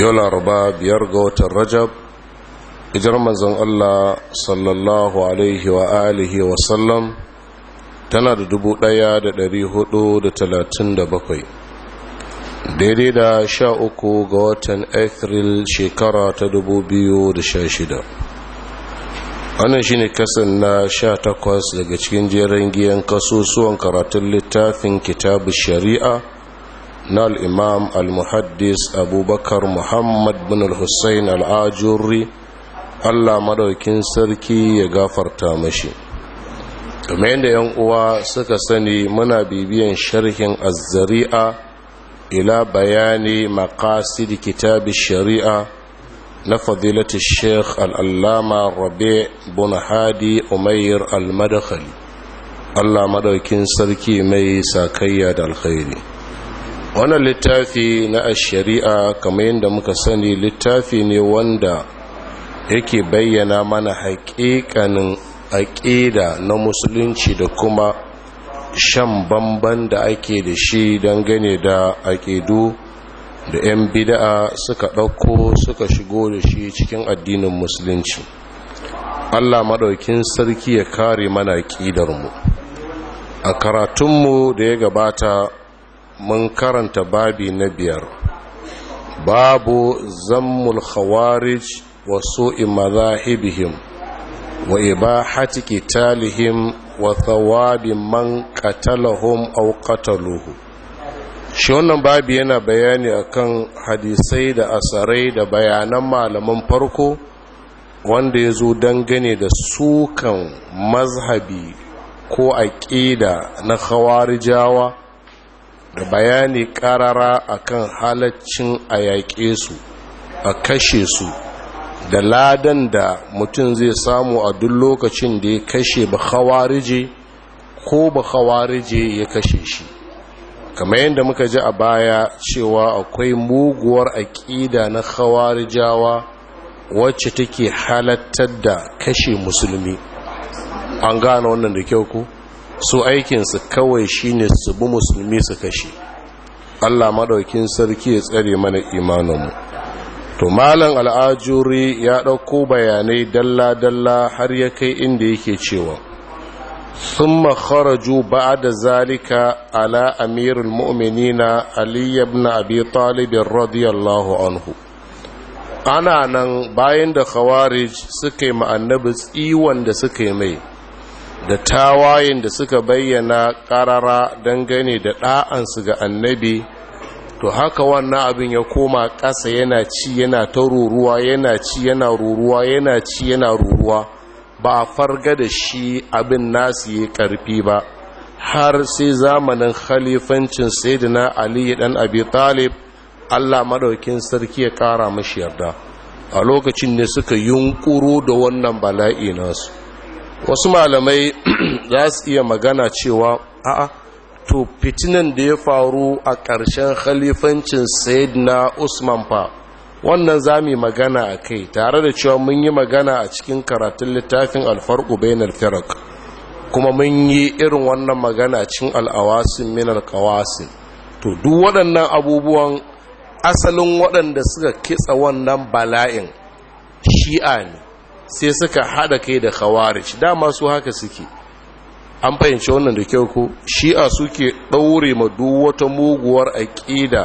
yau laraba biyar ga watan rajab ijar manzon Allah sallallahu alaihi wa alihi wa sallam tana da dubu ɗaya da dari hudu da talatin da bakwai daidai da sha uku ga watan april shekara ta dubu biyu da sha shida wannan shine kasan na sha takwas daga cikin jerin giyan kasusuwan karatun littafin kitabu shari'a na al'imam al-muhaddis abubakar muhammad bin al-hussein allah madaukin sarki ya gafarta mashi kamar yadda yan uwa suka sani muna bibiyan sharhin azzari'a ila bayani maqasid kitabin shari'a na fadilati sheikh al'allama rabe bin hadi umair al allah madaukin sarki mai sakayya da alkhairi wannan littafi na shari'a kamar yadda muka sani littafi ne wanda yake bayyana mana haƙiƙanin aƙida na musulunci da kuma shan bamban da ake da shi dangane da aƙidu da 'yan bida'a suka ɗauko suka shigo da shi cikin addinin musulunci allah maɗaukin sarki ya kare mana aƙidarmu a karatunmu da ya gabata mun karanta babi na biyar babu zammul khawarij wa su'i mazahibihim wa ibahati qitalihim wa thawabi man qatalahum aw qataluhu babi yana bayani akan hadisai da asarai da bayanan malaman farko wanda ya zo dangane da sukan mazhabi ko aƙida na khawarijawa da bayani karara akan halaccin a yaƙe su a kashe su da ladan da mutum zai samu a duk lokacin da ya kashe ba hawarije ko ba hawarije ya kashe shi kamar yadda muka ji a baya cewa akwai muguwar aƙida na hawarijawa wacce take halattar da kashe musulmi an gane wannan da kyau ko. su aikinsu kawai shine su bi musulmi su kashe allah maɗaukin sarki ya tsare mana imaninmu to malam al'ajuri ya ɗauko bayanai dalla-dalla har ya kai inda yake cewa sun kharaju ba'da da zalika ala amirul mu'minina ali ibn abi talibin radiyallahu anhu ana nan bayan da khawarij suka yi ma'annabi tsiwon da suka yi mai da tawayen da suka bayyana ƙarara dangane da ɗa'ansu ga annabi to haka wannan abin ya koma ƙasa yana ci yana ta ruruwa yana ci yana ruruwa yana ci yana ruruwa ba a farga da shi abin nasu yi ƙarfi ba har sai zamanin khalifancin sayyidina ali dan abi talib allah maɗaukin sarki ya ƙara mashi yarda a lokacin ne suka yunkuro da wannan bala'i nasu wasu malamai za su iya magana cewa a'a to fitinan da ya faru a ƙarshen khalifancin na usman fa wannan za mu magana a kai tare da cewa mun yi magana a cikin karatun littafin alfarku bainar firak kuma mun yi irin wannan magana cikin al'awasin minar kawasin to duk waɗannan abubuwan asalin waɗanda suka kitsa wannan bala'in shi'a ne sai suka hada kai da khawarij dama su haka suke an fahimci wannan da kyau ko shi'a suke daure ma duk wata muguwar aqida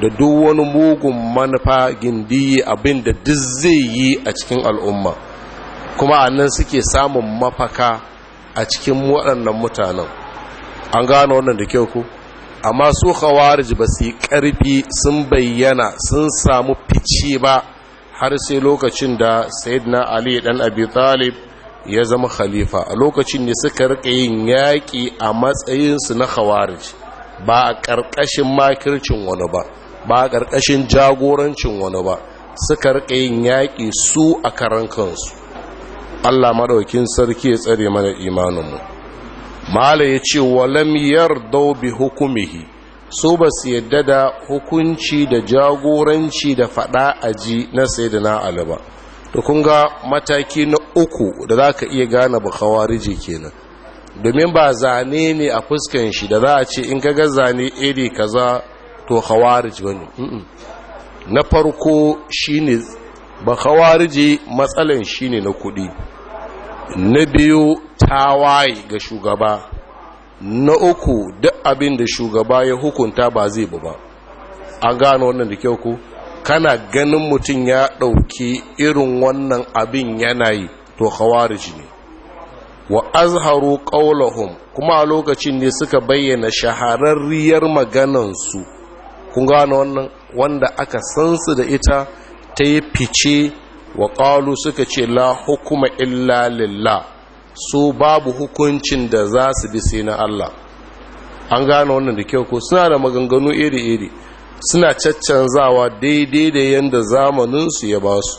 da duk wani mugun manufa gindi abin da duk zai yi a cikin al'umma kuma a suke samun mafaka a cikin waɗannan mutanen an gano wannan da kyau ko amma su khawarij ba su yi ƙarfi sun bayyana sun samu fice ba har sai lokacin da sayyidina ali dan abi talib ya zama khalifa a lokacin ne suka rika yin yaƙi a matsayinsu na khawarij ba a ƙarƙashin makircin wani ba ba a ƙarƙashin jagorancin wani ba suka rika yin yaƙi su a karan kansu allah maɗaukin sarki ya tsare mana imaninmu mala ya ce walam yardau bi hukumihi su ba su yadda da hukunci da jagoranci da fada ji na da na ba to kun ga mataki na uku da za ka iya gane ba khawarije kenan domin ba zane ne a fuskan shi da za a ce in kaga zane iri kaza to khawarij wani na farko shine ba khawarije matsalan shine na kudi na biyu tawaye ga shugaba na uku duk abin da shugaba ya hukunta ba zai ba ba an gano wannan da kyau ku kana ganin mutum ya ɗauki irin wannan abin yana yi to khawariji ne wa azharu qawlahum kuma a lokacin ne suka bayyana shahararriyar maganansu kun gano wannan wanda aka san su da ita ta yi fice wa qalu suka ce la hukuma illa lillah su babu hukuncin da za su bi sai na Allah an gane wannan da kyau ko suna da maganganu iri-iri suna caccanzawa daidai da yadda zamaninsu ya ba su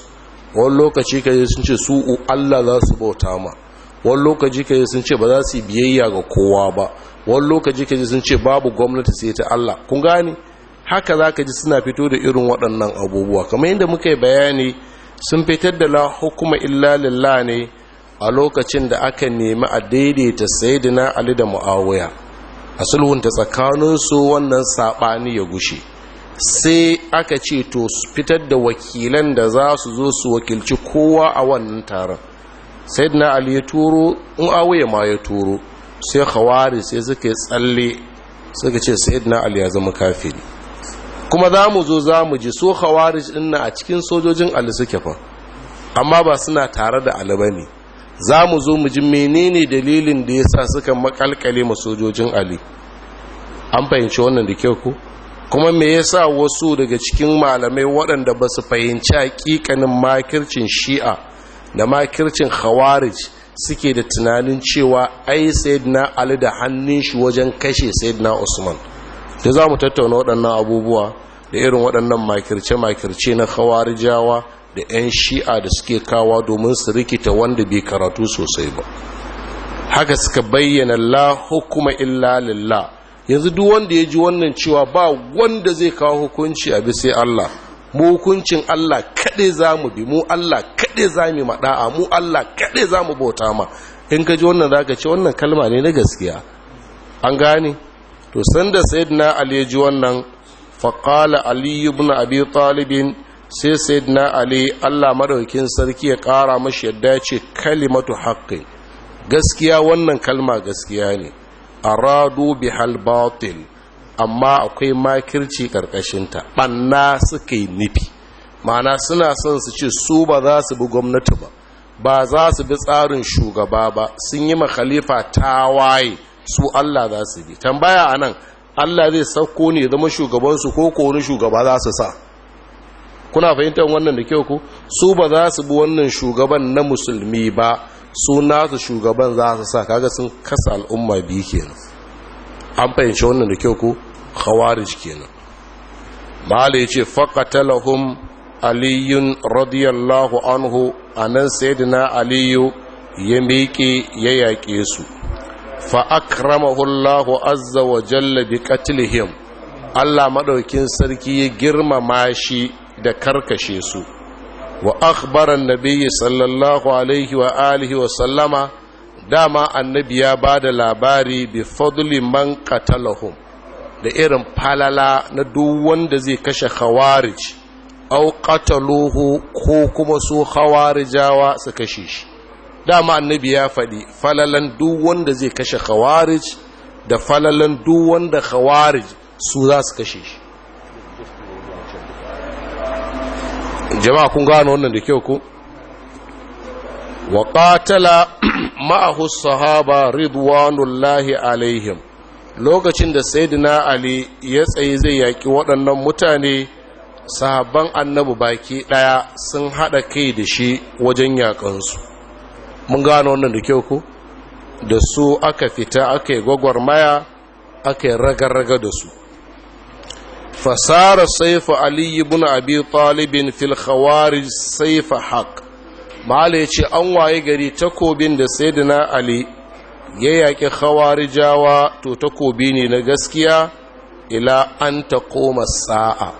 wani lokaci ka yi sun ce su Allah za su bauta ma wani lokaci ka yi sun ce ba za su biyayya ga kowa ba wani lokaci ka yi sun ce babu gwamnati sai ta Allah kun gane haka za ka ji suna fito da irin waɗannan abubuwa kamar yadda muka yi bayani sun fitar da la hukuma illa lillah ne a lokacin da aka nemi a daidaita sayyidina ali da muawiya a sulhunta tsakaninsu wannan saɓani ya gushe sai aka ce to fitar da wakilan da za su zo su wakilci kowa a wannan taron sayyidina ali ya turo muawiya ma ya turo sai khawari sai suka tsalle suka ce sayyidina ali ya zama kafiri kuma za mu zo za mu ji so khawari a cikin sojojin ali suke fa amma ba suna tare da ali bane za mu zo mu ji menene dalilin da ya sa suka makalkale ma sojojin ali an fahimci wannan da kyau ko kuma me ya sa wasu daga cikin malamai waɗanda ba su fahimci hakikanin makircin shi'a da makircin khawarij suke da tunanin cewa ai sayyidina ali da hannun shi wajen kashe sayyidina usman da za mu tattauna waɗannan abubuwa da irin waɗannan makirce-makirce na khawarijawa da 'yan shi'a da suke kawa domin su rikita wanda bai karatu sosai ba haka suka bayyana la hukuma illa lillah yanzu duk wanda ya ji wannan cewa ba wanda zai kawo hukunci a bisai Allah mu hukuncin Allah kaɗe za mu bi mu Allah kaɗe za mu maɗa'a mu Allah kaɗe za mu bauta ma in ka ji wannan za ka ce wannan kalma ne na gaskiya an gane to sanda sayyidina ali ya ji wannan faƙala ali ibn abi talibin sai sayyidina ali Allah Madaukin sarki ya ƙara mashi yadda ya ce kalimatu haƙƙin. gaskiya wannan kalma gaskiya ne aradu bi batil amma akwai makirci ƙarƙashinta. Ɓanna suka yi nufi mana suna son su ce su ba za su bi gwamnati ba ba za su bi tsarin shugaba ba sun yi makhalifa tawaye su Allah za su bi tambaya a nan Allah zai sauko ne zama shugabansu ko ko shugaba za su sa kuna fahimtar wannan da kyau ku su ba za su bi wannan shugaban na musulmi ba su nasu shugaban za su sa kaga sun kasa al'umma biyu kenan an fahimci wannan da kyau ku khawarij kenan malai ce faqatalahum aliyun radiyallahu anhu anan sayyidina aliyu ya miƙe ya yaƙe su fa akramahu allah azza wa jalla bi qatlihim Allah madaukin sarki ya girmama shi da karkashe su wa akhbaran nabiyyi sallallahu alaihi wa alihi wa sallama dama annabi ya ba da labari bi fadli man qatalahum da irin falala na duk wanda zai kashe khawarij au qataluhu ko kuma su khawarijawa su kashe shi dama annabi ya faɗi falalan duk wanda zai kashe khawarij da falalan duk wanda khawarij su za su kashe shi jama'a kun gano wannan da kyau ku wa qatala ma'ahu sahaba ridwanullahi alaihim lokacin da sayyidina ali ya tsaye zai yaki waɗannan mutane sahabban annabi baki ɗaya sun haɗa kai da shi wajen yaƙansu mun gano wannan da kyau ku da su aka fita aka yi gwagwarmaya aka yi raga-raga da su fasara saifa علي بن ابي طالب في الخوارج saifa حق mala yace an waye gari takobin da sayyidina ali ya yaki تو to takobi ne na gaskiya ila an sa'a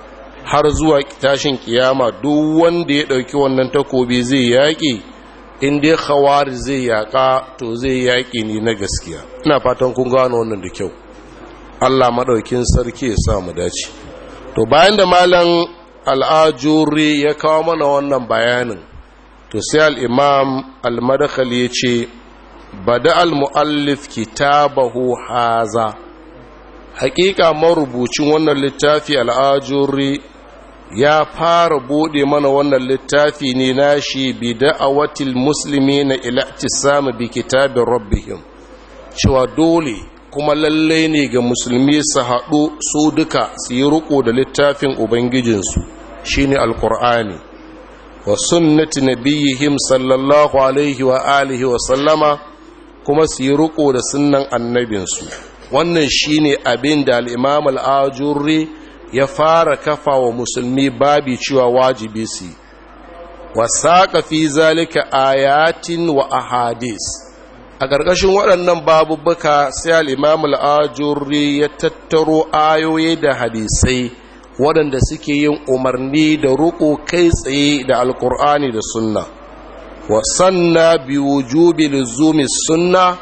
har zuwa tashin kiyama duk wanda ya ɗauki wannan takobi zai yaki in dai khawari zai yaƙa to zai yaƙi ne na gaskiya ina fatan kun gano wannan da kyau Allah maɗaukin sarki ya sa mu dace to bayan da malam al'ajuri ya kawo mana wannan bayanin to sai al'imam al-madakhali ya ce bada al-mu'allif kitabahu haza haƙiƙa marubucin wannan littafi al'ajuri ya fara bude mana wannan littafi ne nashi bi da'awatil musulmi na ila'tisama bi kitabin rabbihim cewa dole kuma lalle ne ga musulmi su haɗu su duka su yi riko da littafin ubangijinsu shi ne alkur'ani wa sunnati nabiyihim sallallahu alaihi wa alihi wa sallama kuma su yi riko da sunnan annabinsu wannan shi ne abin da al'imam al'ajurri ya fara kafa wa musulmi babi cewa wajibi su wasaƙa fi zalika ayatin wa ahadis a ƙarƙashin waɗannan babubbuka sai al'imam al'ajuri ya tattaro ayoyi da hadisai waɗanda suke yin umarni da ruko kai tsaye da alƙur'ani da sunna wasanna biyu jubil zumi sunna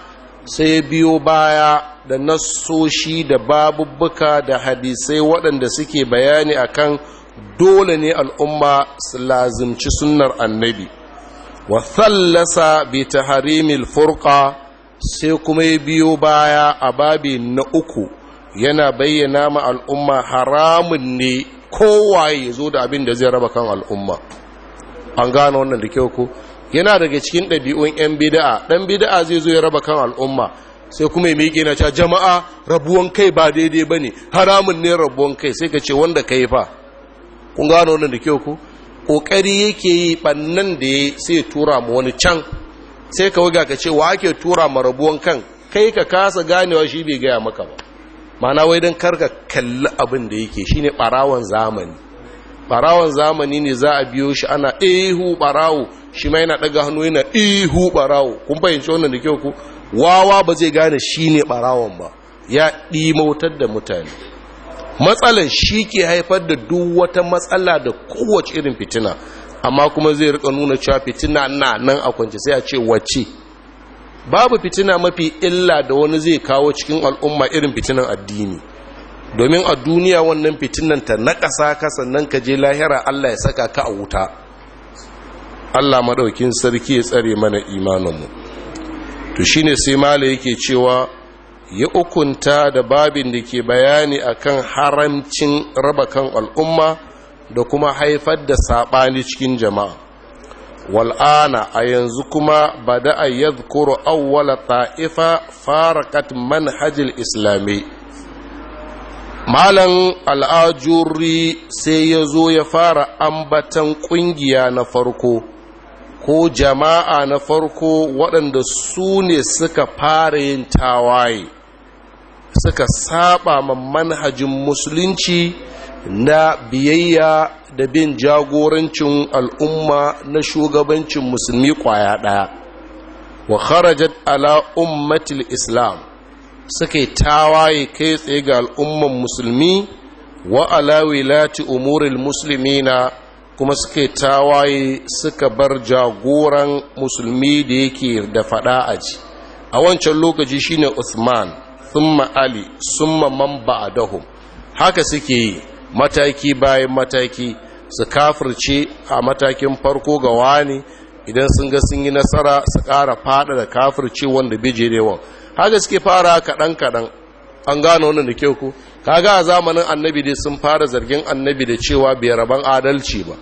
sai biyo baya da nasoshi da babubbuka da hadisai waɗanda suke bayani akan dole ne al'umma su lazimci sunnar annabi wa thallasa bi taharimil furqa sai kuma ya biyo baya a babi na uku yana bayyana ma al'umma haramun ne kowaye ya zo da abin da zai raba kan al'umma an gano wannan da kyau ko yana daga cikin ɗabi'un 'yan bida'a ɗan bida'a zai zo ya raba kan al'umma sai kuma ya miƙe na cewa jama'a rabuwan kai ba daidai ba ne haramun ne rabuwan kai sai ka ce wanda ka yi fa kun gano wannan da kyau ko ƙoƙari yake yi ɓannan da ya sai tura ma wani can sai ka waga ka ce wa ake tura ma rabuwan kan kai ka kasa ganewa shi bai gaya maka ba mana wai don karka kalli abin da yake shi ne ɓarawan zamani ɓarawan zamani ne za a biyo shi ana ihu ɓarawo shi ma yana ɗaga hannu yana ihu ɓarawo kun fahimci wannan da kyau ku wawa ba zai gane shi ne ɓarawon ba ya ɗimautar da mutane matsalar shi ke haifar da duk wata matsala da kowace irin fitina amma kuma zai rika nuna cewa fitina na nan a kwance sai a ce wacce babu fitina mafi illa da wani zai kawo cikin al'umma irin fitinan addini domin a duniya wannan fitinan ta na ƙasa ka sannan ka je lahira Allah ya saka ka a wuta Allah maɗaukin sarki ya tsare mana imaninmu to shine sai mala yake cewa ya ukunta da babin da ke bayani akan haramcin raba kan al'umma da kuma haifar da saɓani cikin jama'a wal'ana a yanzu kuma ba da a zukuru awwala ta'ifa farakat manhajil islami malan al'ajuri sai ya zo ya fara ambatan ƙungiya na farko ko jama'a na farko waɗanda su ne suka fara yin tawaye suka saba ma manhajin musulunci na biyayya da bin jagorancin al'umma na shugabancin musulmi kwaya ɗaya wa kharajat ala ummatil islam suka tawaye kai tsaye ga al'umman musulmi wa ala wilati umuril muslimina kuma suka tawaye suka bar jagoran musulmi da yake da fada aji a wancan lokaci shine Usman. thumma ali summa man ba'dahum haka suke yi mataki bayan mataki su kafirce a matakin farko ga wani idan sun ga sun yi nasara su ƙara fada da kafirce wanda bijirewan haka suke fara kaɗan kadan an gano wannan da kyau ku kaga a zamanin annabi dai sun fara zargin annabi da cewa bai raban adalci ba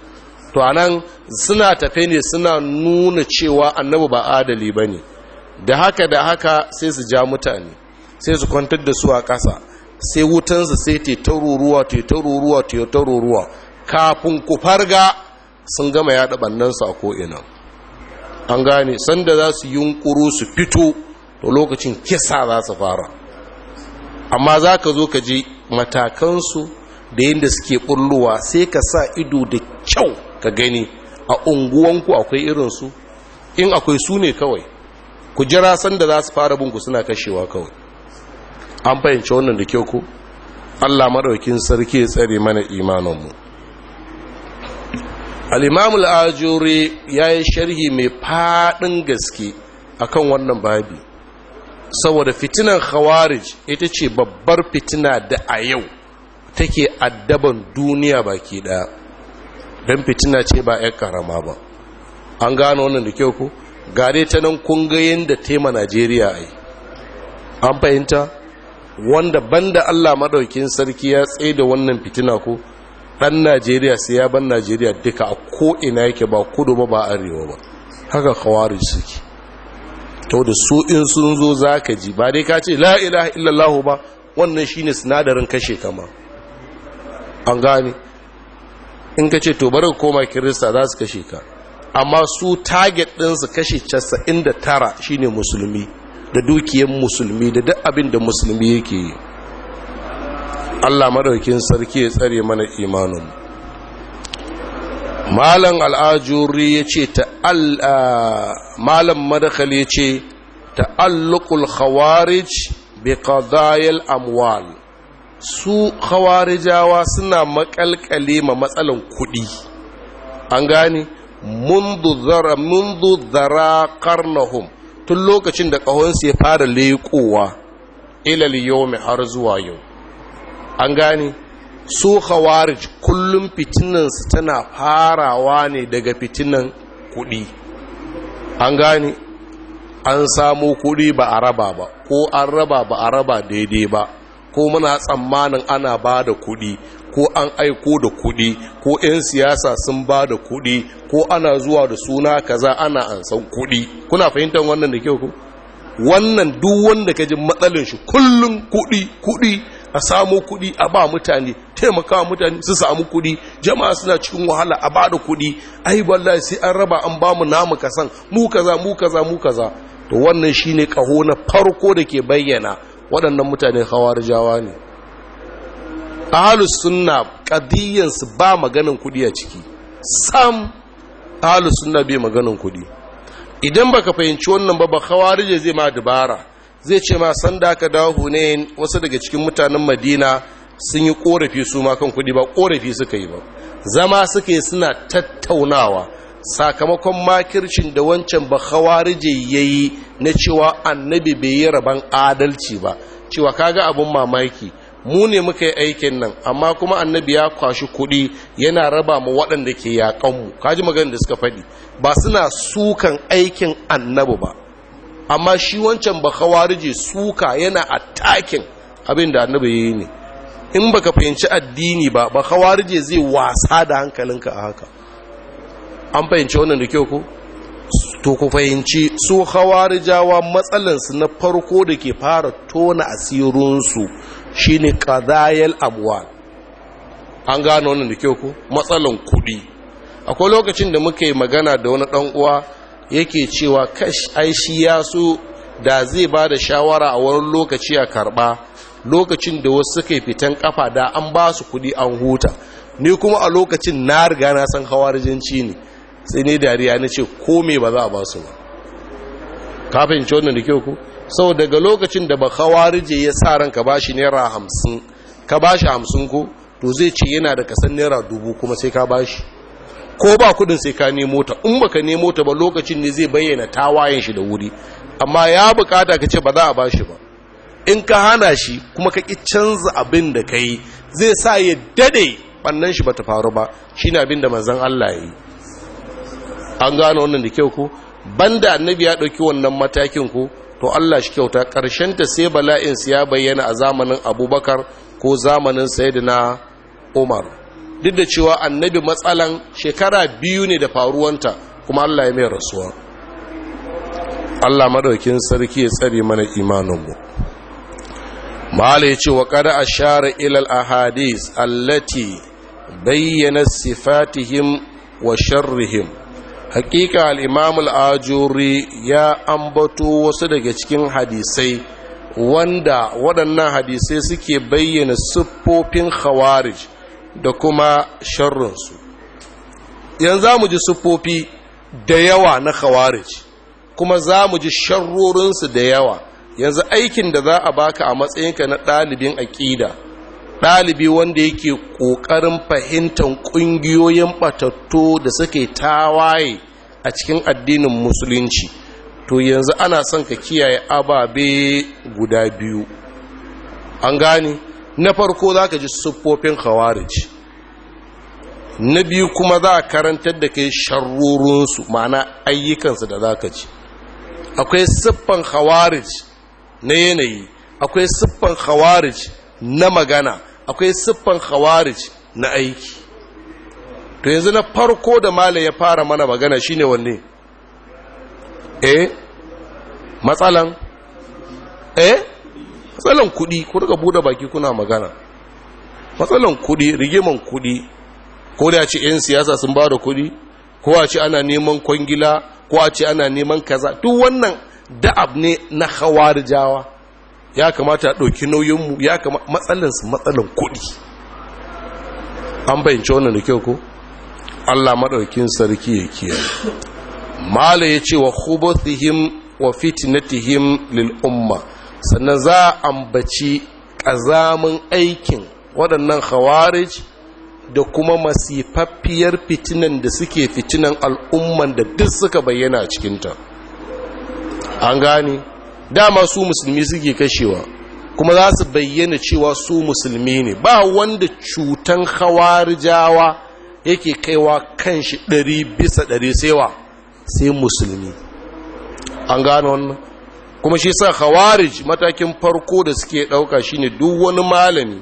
to anan suna tafe ne suna nuna cewa annabi ba adali ba ne da haka da haka sai su ja mutane sai su kwantar da su a ƙasa sai wutansa sai ta taruruwa ta taruruwa ta taruruwa kafin ku farga sun gama yaɗa bannansu a ko'ina an gane sanda za su yunkuru su fito da lokacin kisa za su fara amma za ka zo ka ji matakansu da yadda suke ɓullowa sai ka sa ido da kyau ka gani a unguwanku akwai irinsu in akwai su ne kawai ku jira sanda za su fara binku suna kashewa kawai an fahimci wannan da kyau ku. allah maɗaukin sarki ya tsare mana imaninmu al'imamul ajiyori ya yi sharhi mai fadin gaske akan wannan babi saboda fitinan khawarij ita ce babbar fitina da a yau take addaban duniya baki ɗaya don fitina ce ba 'yan karama ba an gano wannan da kyau ku gare ta nan kungayen da tema najeriya ai an fahimta wanda banda Allah madaukin sarki ya tsaye da wannan fitina ko dan Najeriya sai ya ban Najeriya duka a ko ina yake ba kudu ba ba arewa ba haka khawarij suke to da su in sun zo zaka ji ba dai ka ce la ilaha illallah ba wannan shine sinadarin kashe kama an gane in ka ce to bari koma kirista za su kashe ka amma su target ɗinsu kashe 99 shine musulmi da dukiyar musulmi da duk abin da musulmi yake yi allah maɗaukin sarki ya tsare mana imanin malam al'ajuri ya ce malam madakal ya ce ta'allukul khawarij bi qadayil amwal su khawarijawa suna makalkale ma matsalan kuɗi an gane mundu zara karnahum tun lokacin da ƙahonsu ya fara leƙowa ilal yomi har zuwa yau an gane su khawarij kullum fitinansu tana farawa ne daga fitinan kuɗi an gane an samu kuɗi ba a raba ba ko an raba ba a raba daidai ba ko muna tsammanin ana ba da kuɗi ko an aiko da kuɗi ko 'yan siyasa sun ba da kuɗi ko ana zuwa da suna kaza ana ansan kuɗi kuna fahimtar wannan da kyau ku wannan duk wanda ka ji matsalin shi kullum kuɗi kuɗi a samu kuɗi a ba mutane taimaka mutane su samu kuɗi jama'a suna cikin wahala a ba da kuɗi ai wallahi sai an raba an ba mu namu kasan mu kaza mu kaza mu kaza to wannan shine kaho na farko da ke bayyana waɗannan mutane hawar jawa ne ahalus sunna kadiyyansu ba maganin kuɗi a ciki sam ahalus sunna bai maganin kuɗi idan baka fahimci wannan ba ba khawarije zai ma dabara zai ce ma san da aka dawo ne wasu daga cikin mutanen madina sun yi korafi su ma kan kuɗi ba korafi suka yi ba zama yi suna tattaunawa sakamakon makircin da wancan ba khawarije ya yi na cewa annabi bai yi rabon adalci ba cewa kaga abin mamaki mu ne muka yi aikin nan amma kuma annabi ya kwashi kuɗi yana raba mu waɗanda ke yaƙanmu kaji maganin da suka faɗi ba suna sukan aikin annabi ba amma shi wancan ba kawarije suka yana attakin abin da annabi ya yi ne in baka fahimci addini ba ba kawarije zai wasa da hankalinka a haka an fahimci wannan da kyau ko to ku fahimci su hawarijawa matsalansu na farko da ke fara tona asirinsu shine kazayel amwal an gano wani da kyau ko matsalan kudi akwai lokacin da muka yi magana da wani dan uwa yake cewa kash ai shi ya so da zai ba da shawara a wani lokaci a karba lokacin da wasu suka fitan kafa da an ba su kudi an huta ni kuma a lokacin na riga na san hawarijinci ne sai ne dariya na ce ko me ba za a ba su ba kafin ci wannan da kyau sau daga lokacin da ba khawarije ya sa ranka ba shi naira hamsin ka ba shi hamsin ko to zai ce yana da kasan naira dubu kuma sai ka ba shi ko ba kudin sai ka nemo ta in baka nemo ta ba lokacin ne zai bayyana tawayen shi da wuri amma ya bukata ka ce ba za a ba shi ba in ka hana shi kuma ka ki canza abin da ka yi zai sa ya dade bannan shi bata faru ba shi ne abin da manzan Allah ya yi an gano wannan da kyau ku banda annabi ya ɗauki wannan matakin ko. to Allah shi kyauta ƙarshen ta sai bala'in su ya bayyana a zamanin abubakar ko zamanin sayyidina umar duk da cewa annabi matsalan shekara biyu ne da faruwanta kuma Allah ya mai rasuwa Allah madaukin sarki ya tsare mana imaninmu mala ya ce wa a share ilal ahadis allati bayyana sifatihim wa sharrihim hakika al-imam al-ajuri ya ambato wasu daga cikin hadisai wanda waɗannan hadisai suke bayyana siffofin khawarij da kuma sharrunsu. yanzu za mu ji siffofi da yawa na khawarij kuma za mu ji sharrorinsu da yawa yanzu aikin da za a baka a matsayinka na ɗalibin aƙida ɗalibi wanda yake ƙoƙarin fahimtar ƙungiyoyin ɓatattu da suke tawaye a cikin addinin musulunci to yanzu ana son ka kiyaye ababe guda biyu an gane na farko za ka ji siffofin khawarij na biyu kuma za a karantar da kai sharrorinsu ma'ana ayyukansu da za ka ji akwai siffan khawarij na yanayi akwai siffan khawarij na magana akwai siffan khawarij na aiki to yanzu na farko da mala ya fara mana magana shine wanne eh matsalan eh matsalan kudi ku daga bude baki kuna magana matsalan kudi rigiman kudi ko da ce 'yan siyasa sun ba da kudi ko a ce ana neman kwangila ko a ce ana neman kaza duk wannan da'ab ne na khawarijawa jawa ya kamata a ɗauki nauyinmu ya kamata su matsalin kuɗi an bayyance wannan da kyau ko allah maɗaukin sarki ya kiyaye mala ya ce wa hubothihim wa fitinatihim lil umma sannan za a ambaci ƙazamin aikin waɗannan khawarij da kuma masifaffiyar fitinan da suke fitinan al'umman da duk suka bayyana a cikinta an gani. dama su musulmi suke kashewa kuma za su bayyana cewa su musulmi ne ba wanda cutan hawarijawa yake kaiwa kan shi ɗari bisa ɗari saiwa sai musulmi an gano wannan kuma shi sa hawarij matakin farko da suke ɗauka shine duk wani malami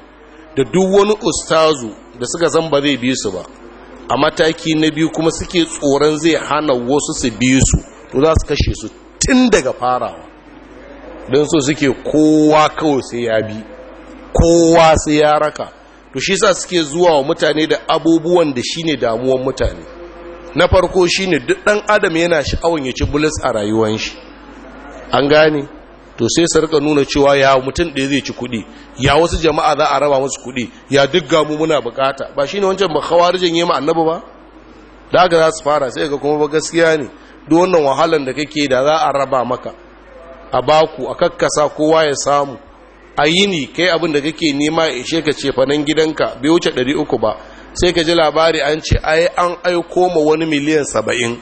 da duk wani ustazu da suka san ba zai bi su ba a mataki na biyu kuma suke tsoron zai hana wasu su bi su to za su kashe su tun daga farawa don so suke kowa kawai sai ya bi kowa sai ya raka to shi sa suke zuwa wa mutane da abubuwan da shi ne damuwan mutane na farko shine duk dan adam yana sha'awan ya ci bulis a rayuwan shi an gane to sai su nuna cewa ya mutum ɗaya zai ci kuɗi ya wasu jama'a za a raba musu kuɗi ya duk gamu muna bukata ba shi ne wancan ba khawarijin yi annabi ba da aka za su fara sai ga kuma ba gaskiya ne duk wannan wahalan da kake da za a raba maka a baku a kakkasa kowa ya samu a yini kai abin da kake nema ya ishe ka ce fanan gidanka bai wuce 300 ba sai ka ji labari an ce ai an aiko ma wani miliyan 70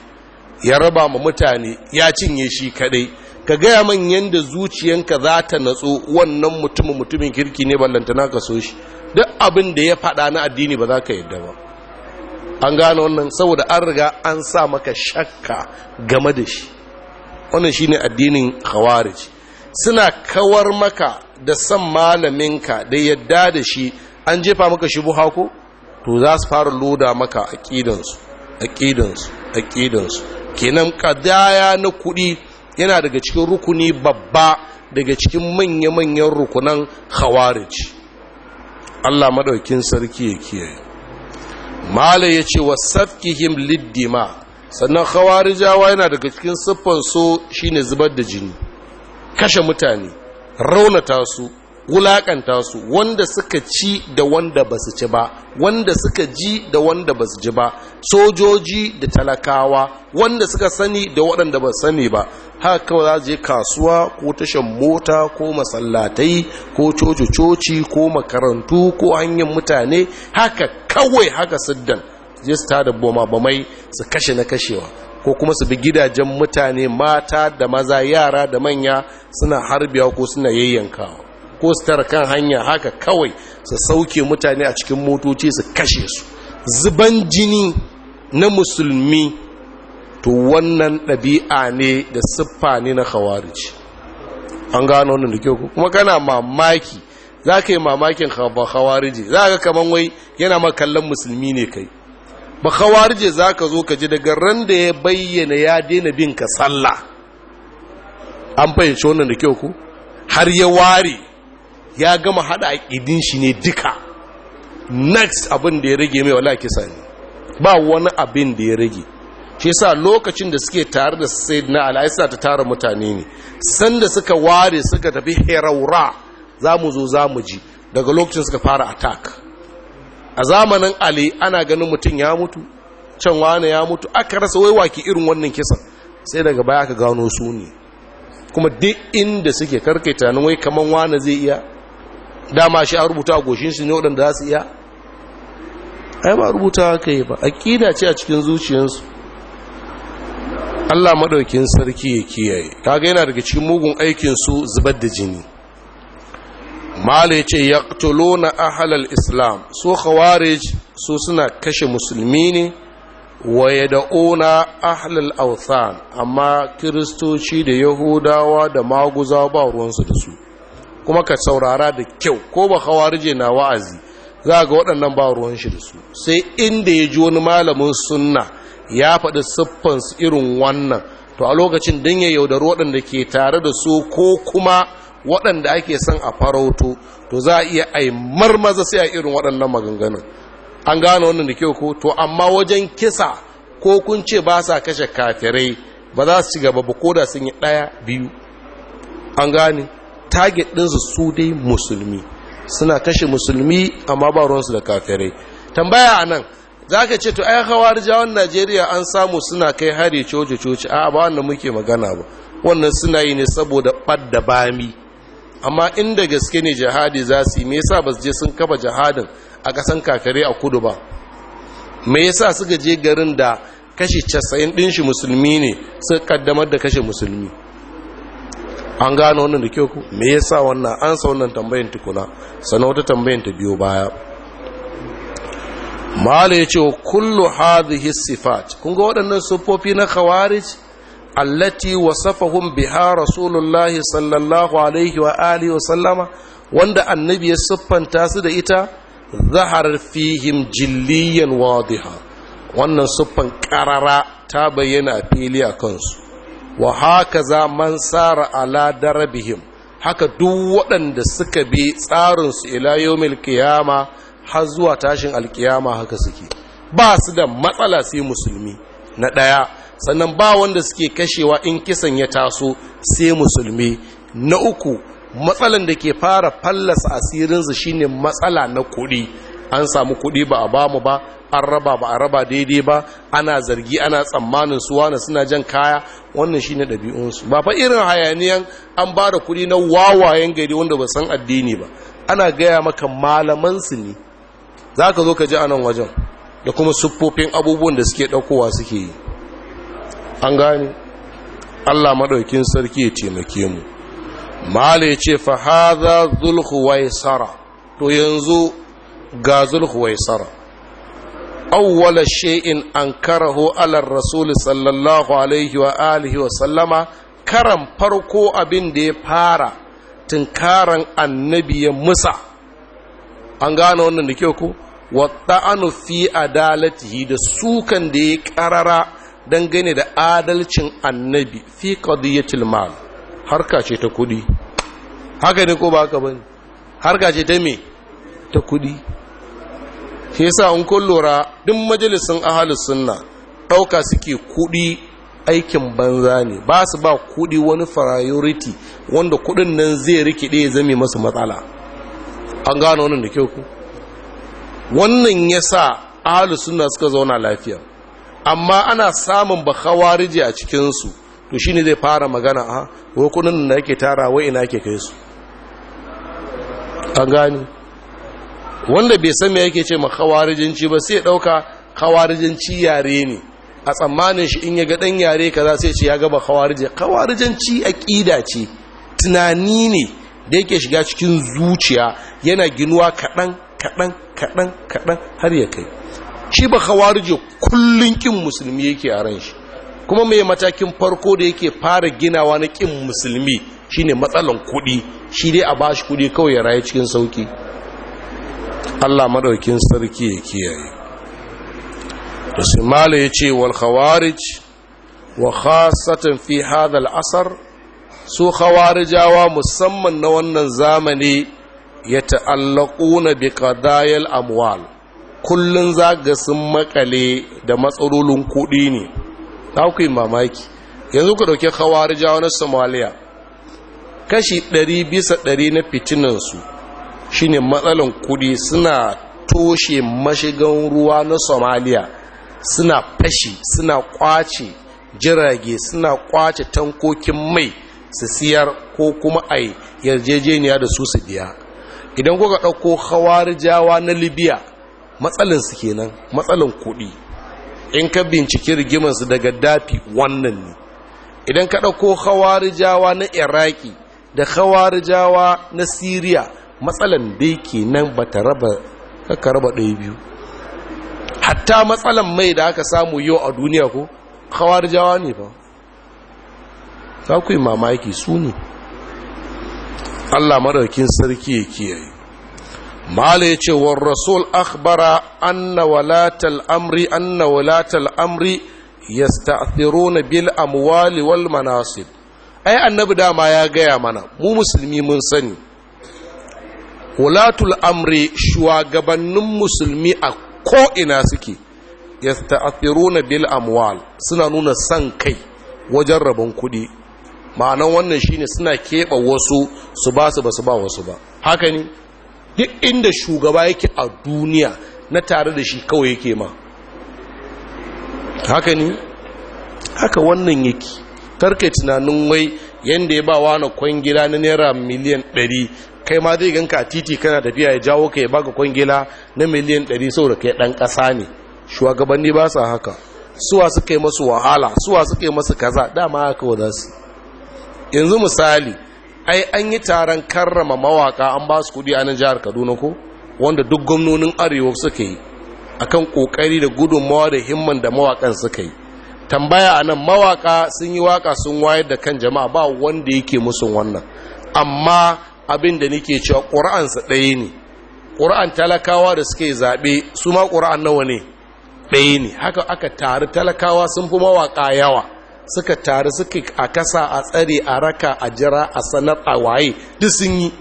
ya raba ma mutane ya cinye shi kadai ka gaya man yadda zuciyanka za ta natsu wannan mutumin mutumin kirki ne ballantana ka so shi duk abin da ya faɗa na addini ba za ka yadda ba an gane wannan saboda an riga an sa maka shakka game da shi wannan shine addinin khawarij suna kawar maka da san malaminka da yadda da shi an jefa maka buha ko to za su fara loda maka aqidansu aqidansu aqidansu kenan kadaya na kudi yana daga cikin rukuni babba daga cikin manya-manyan rukunan khawarij Allah madaukin sarki ya kiyaye mala yace wasafkihim liddima sannan jawa yana daga cikin siffan so shine zubar da jini kashe mutane raunata su wulakanta su wanda suka ci da wanda basu ci ba wanda suka ji da wanda basu ji ba sojoji da talakawa wanda suka sani da waɗanda ba sani ba haka kawai za je kasuwa ko tashan mota ko masallatai ko coci-coci ko makarantu ko hanyar mutane haka kawai haka siddan je su tada boma bamai su kashe na kashewa ko kuma su bi gidajen mutane mata da maza yara da manya suna harbiya ko suna yayyankawa ko su tara kan hanya haka kawai su sauke mutane a cikin motoci su kashe su zuban jini na musulmi to wannan ɗabi'a ne da siffa ne na khawarij an gano wannan da kyau kuma kana mamaki za ka yi mamakin khawariji za ka kaman wai yana makallon musulmi ne kai ba kawarje za ka zo ka ji daga ran da ya bayyana ya daina bin ka sallah an fahimci wannan da kyau ku har ya ware ya gama hada aƙidin shi ne duka next abin da ya rage mai wala kisa ne ba wani abin da ya rage shi sa lokacin da suke tare da sayyidina na sa ta tara mutane ne sanda suka ware suka tafi heraura za mu zo za mu ji daga lokacin suka fara attack a zamanin ali ana ganin mutum ya mutu can wane ya mutu aka rasa wai ke irin wannan kisan sai daga baya aka gano su ne kuma duk inda suke karkaita nan wai kaman wane zai iya dama shi a rubuta a goshin su ne waɗanda za su iya ai ba rubuta haka yi ba ƙida ce a cikin zuciyarsu Allah maɗaukin sarki ya kiyaye kaga yana daga cikin mugun aikinsu zubar da jini Mali ce ya ce na ahlal islam su khawarij su suna kashe musulmi ne wa na ahlal Authan, amma kiristoci da yahudawa da maguza ba ruwansu da su kuma ka saurara da kyau ko ba khawarije na wa'azi za ga waɗannan ba ruwan shi da su sai inda ya ji wani malamin sunna ya faɗi siffan irin wannan to a lokacin don ya yaudari waɗanda ke tare da su ko kuma waɗanda ake son a farauto to za a iya ai marmaza sai a irin waɗannan maganganun an gane wannan da kyau ko to amma wajen kisa ko kun ce ba sa kashe kafirai ba za su ci gaba ba koda sun yi ɗaya biyu an gane target ɗinsu su dai musulmi suna kashe musulmi amma ba ruwansu da kafirai tambaya a nan za ka ce to ai jawon najeriya an samu suna kai hari coci-coci a ba wannan muke magana ba wannan suna yi ne saboda ɓadda bami amma inda gaske ne jihadi za su yi me sa ba su je sun kafa jihadin a ƙasan kakare a kudu ba me yasa suka je garin da kashi 90 din shi musulmi ne su kaddamar da kashe musulmi an gano wannan da kyau ku me yasa wannan an sa wannan tambayin tukuna sannan wata tambayin ta biyo baya mala ya ce wa kullu hadhihi sifat kun ga waɗannan siffofi na khawarij allati wasafahum biha rasulullahi sallallahu alaihi wa alihi wa sallama wanda annabi ya siffanta su da ita zahar fihim jilliyan wadiha wannan siffan karara ta bayyana fili a kansu wa haka za man sara ala darabihim haka duk waɗanda suka bi tsarinsu ila yomil kiyama har zuwa tashin alkiyama haka suke ba su da matsala sai musulmi na ɗaya sannan ba wanda suke kashewa in kisan ya taso sai musulmi na uku matsalan da ke fara fallasa asirinsu shine matsala na kuɗi an samu kuɗi ba a bamu ba an raba ba a raba daidai ba ana zargi ana tsammanin suwa na suna jan kaya wannan shine ɗabi'unsu ba fa irin hayaniyan an ba da kuɗi na wawayen gari wanda ba san addini ba ana gaya maka malamansu ne za ka zo ka ji anan wajen da kuma siffofin abubuwan da suke ɗaukowa suke yi an gane Allah maɗaukin sarki ya taimake mu mala ya ce fa haza zulhuwaisara to yanzu ga zulhuwaisara awwala shay'in ankarahu ala rasul sallallahu alaihi wa alihi wa sallama karan farko abin da ya fara tunkaran annabi ya musa an gane wannan da kyau ko wa ta'anu fi adalatihi da sukan da ya karara dangane da adalcin annabi fi qadiyatil mal harka ce ta kudi haka ne ko ba haka bane harka ce ta me ta kudi shi yasa in kun lura duk majalisin ahlus sunna dauka suke kudi aikin banza ne ba su ba kudi wani priority wanda kudin nan zai rikide ya zame masu matsala an gano wannan da kyau ku wannan yasa ahlus sunna suka zauna lafiya amma ana samun ba khawariji a cikinsu to shi ne zai fara magana a hukunan da yake tara wa ina ke kai su an gani wanda bai san me yake ce ma khawarijinci ba sai ɗauka khawarijinci yare ne a tsammanin shi in ya ga ɗan yare kaza sai ce ya gaba khawarijin khawarijinci aƙida ce tunani ne da yake shiga cikin zuciya yana ginuwa kaɗan kaɗan kaɗan kaɗan har ya kai shi ba khawarije kullun kin musulmi yake a ran shi kuma mai matakin farko da yake fara ginawa na kin musulmi shine matsalan kuɗi shi dai a bashi kuɗi kawai ya rayu cikin sauki Allah madaukin sarki ya kiyaye to sai mala yace wal khawarij wa khasatan fi hadha al asr su khawarijawa musamman na wannan zamani ya na bi qadayal amwal kullum za ga sun makale da matsalolin kuɗi ne na ku mamaki yanzu ku ɗauki hawar jawo na somaliya kashi ɗari bisa ɗari na fitinansu shine matsalan kuɗi suna toshe mashigan ruwa na somaliya suna fashi suna kwace jirage suna kwace tankokin mai su siyar ko kuma a yarjejeniya da su su biya idan kuka ɗauko hawar jawa na libya matsalinsu kenan matsalin kuɗi in ka binciki rigimansu daga dafi wannan ne idan ka ɗauko hawarijawa na iraki da hawarijawa na siriya matsalan dai kenan ba ta raba ka raba ɗaya biyu hatta matsalan mai da aka samu yau a duniya ko hawarijawa ne ba za ku yi mamaki su ne allah maraukin sarki ya kiyaye mala ya ce war rasul akhbara anna walatal amri anna walatal amri yasta'thiruna bil amwali wal manasib ai annabi dama ya gaya mana mu musulmi mun sani wulatul amri shugabannin musulmi a ko'ina suke yasta'thiruna bil amwal suna nuna san kai wajen rabon kuɗi ma'anan wannan shine suna keɓa wasu su ba su ba su ba wasu ba haka ne duk inda shugaba yake a duniya na tare da shi kawai yake ma haka ne haka wannan yake karka tunanin wai yadda ya ba wa na kwangila na naira miliyan 100 kai ma zai ganka a titi kana tafiya ya jawo ka ya baka kwangila na miliyan 100 saboda kai dan kasa ne shugabanni ba sa haka suwa suka yi masu wahala suwa suka yi masu kaza dama haka wa za yanzu misali ai an yi taron karrama mawaka an ba su kudi a nan jihar kaduna ko wanda duk gwamnonin arewa suka yi akan kokari da gudunmawa da himman da mawakan suka yi tambaya a nan mawaka sun yi waka sun wayar da kan jama'a ba wanda yake musun wannan amma abin da nake cewa su ɗaya ne ƙura'an talakawa da suke zaɓe su ma ƙura'an nawa ne ɗaya ne haka aka tari talakawa sun fi mawaka yawa suka taru suka a kasa a tsare a raka a jira a sanar a waye duk sun yi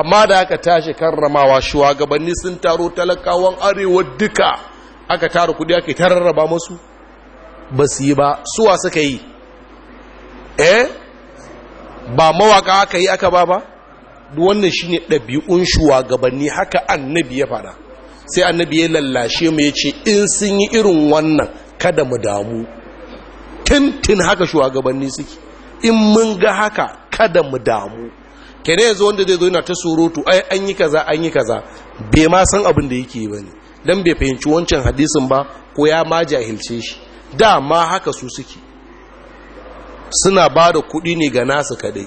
amma da aka tashi karramawa shugabanni sun taro talakawan arewa duka aka tara kudi aka tararraba musu ba su yi ba suwa suka yi eh ba mawaka aka yi aka ba ba wannan shine ɗabi'un shugabanni haka annabi ya fara sai annabi ya lallashe mu ya ce in sun yi irin wannan kada mu damu tintin haka shugabanni suke in mun ga haka kada mu damu kene yanzu wanda zai zo yana ta surutu ai an yi kaza an yi kaza bai ma san abin da yake ba ne don bai fahimci wancan hadisin ba ko ya ma jahilce shi da ma haka su suke suna ba da kuɗi ne ga nasu kadai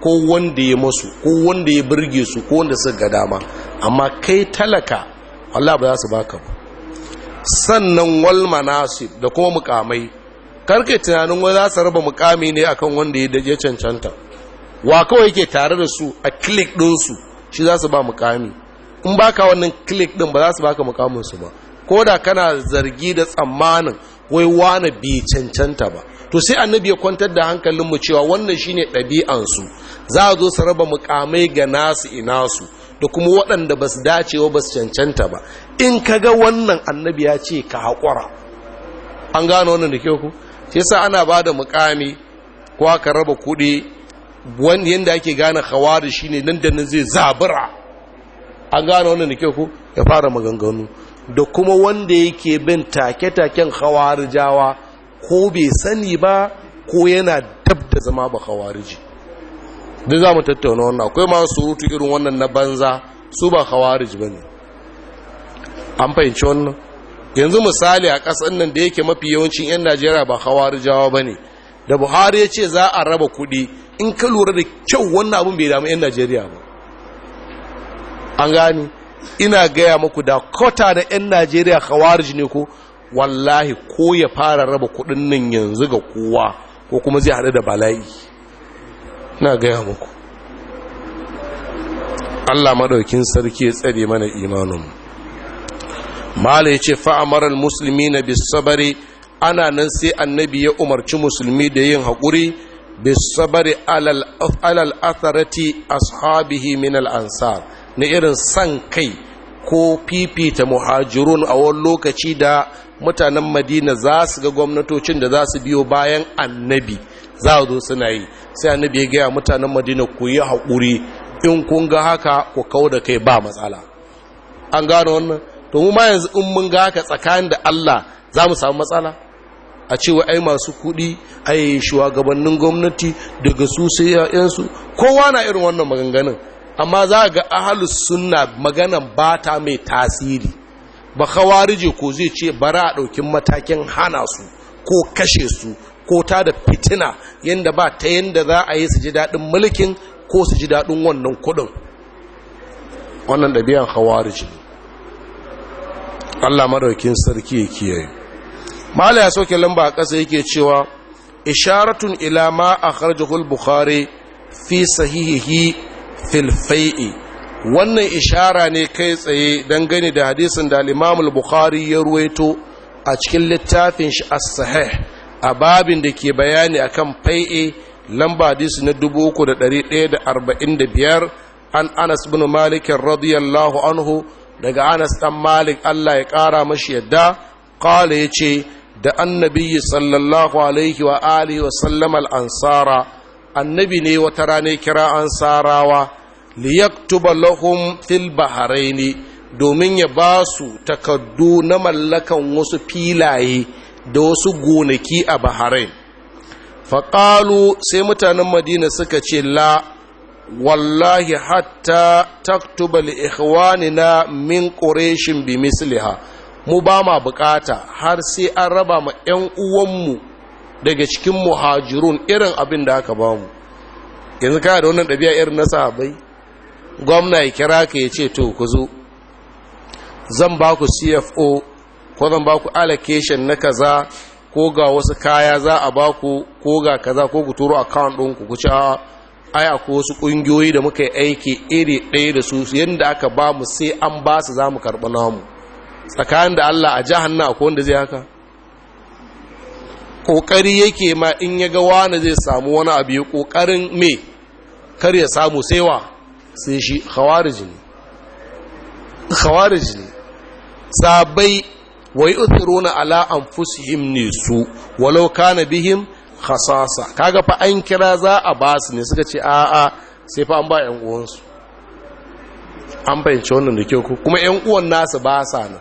ko wanda ya masu ko wanda ya birge su ko wanda suka ga dama amma kai talaka Allah ba za su baka ba sannan wal manasib da kuma mukamai karke tunanin wani za su raba mukami ne akan wanda ya cancanta wa kawai yake tare da su a klik ɗinsu shi za su ba mukami in ba ka wannan klik ɗin ba za su ba mukamin mukaminsu ba ko da kana zargi da tsammanin wai wane bi cancanta ba to sai annabi ya kwantar da hankalinmu cewa wannan shine ɗabi'ansu za a zo su raba mukamai ga nasu ina su da kuma waɗanda ba su dacewa ba su cancanta ba in ka ga wannan annabi ya ce ka haƙura an gano wannan da ke ku shi ana ba da mukami ko aka raba kuɗi wanda yadda ake gane hawari shine nan da nan zai zabura an gane wannan da ke ko ya fara maganganu da kuma wanda yake bin take-taken khawari jawa ko bai sani ba ko yana dab da zama ba ji. duk za mu tattauna wannan akwai masu surutu irin wannan na banza su ba ji ba ne an fahimci wannan yanzu misali a ƙasar nan da yake mafi yawancin 'yan najeriya ba hawar jawa ba ne da buhari ya ce za a raba kuɗi in ka lura da kyau wannan abin bai damu 'yan najeriya ba an gani ina gaya maku da kota na 'yan najeriya hawar ne ko wallahi ko ya fara raba kuɗin nan yanzu ga kowa ko kuma zai haɗu da bala'i na gaya maku allah maɗaukin sarki ya tsare mana imaninmu mala ya ce fa'amaral musulmi na bisabari ana nan sai annabi ya umarci musulmi da yin haƙuri bisabari alal atharati ashabihi min al'ansar na irin san kai ko fifita muhajirun a wani lokaci da mutanen madina za su ga gwamnatocin da za su biyo bayan annabi za zo suna yi sai annabi ya gaya mutanen madina ku yi haƙuri in kun ga haka ku kau da kai ba matsala an gano wannan to mu ma yanzu in mun ga haka tsakanin da Allah za mu samu matsala a cewa ai masu kuɗi ai shugabannin gwamnati daga su sai yayansu kowa na irin wannan maganganun amma za ga ahlus sunna maganan bata mai tasiri ba khawarije ko zai ce bara a ɗaukin matakin hana su ko kashe su ko ta da fitina yanda ba ta yadda za a yi su ji daɗin mulkin ko su ji daɗin wannan kuɗin wannan dabi'an khawarije Allah maraukin sarki ya kiyaye mala ya soke lamba a ƙasa yake cewa isharatun ila ma akhrajahu al-bukhari fi sahihihi fil fai'i wannan ishara ne kai tsaye dangane da hadisin da al-imam bukhari ya ruwaito a cikin littafin shi as-sahih a babin da ke bayani akan fai'i lamba hadisi na 3145 an Anas bin Malik radiyallahu anhu daga anas dan malik allah ya ƙara mashi yadda kala ya ce da annabi sallallahu alaihi wa alihi wa sallam al'ansara annabi ne wata rane kira ansarawa liyaktuba lahum fil bahraini domin ya ba su takaddu na mallakan wasu filaye da wasu gonaki a bahrain faƙalu sai mutanen madina suka ce la wallahi hatta taktuba li na min quraishin bi misliha mu bama ma bukata har sai an raba ma ƴan uwanmu daga cikin muhajirun irin abin da aka bamu yanzu kana da wannan ɗabi'a irin na sahabbai gwamna ya kira ka ya ce to ku zo zan ba ku CFO ko zan ba ku allocation na kaza ko ga wasu kaya za a ba ku ko ga kaza ko ku turo account ɗinku ku ci a aya ko wasu kungiyoyi da muka yi aiki iri ɗaya da su yadda aka ba mu sai an ba su za mu karɓi namu tsakanin da Allah a jahanna ko wanda zai haka ƙoƙari yake ma in ya ga wani zai samu wani abu ya ƙoƙarin me kar ya samu saiwa sai shi khawariji ne ne sabai wa yi ala anfusihim nisu su walau kana bihim khasasa kaga fa an kira za a ba su ne suka ce a'a sai fa an ba yan uwansu an fahimci wannan da kyau kuma yan uwan nasu ba sa na,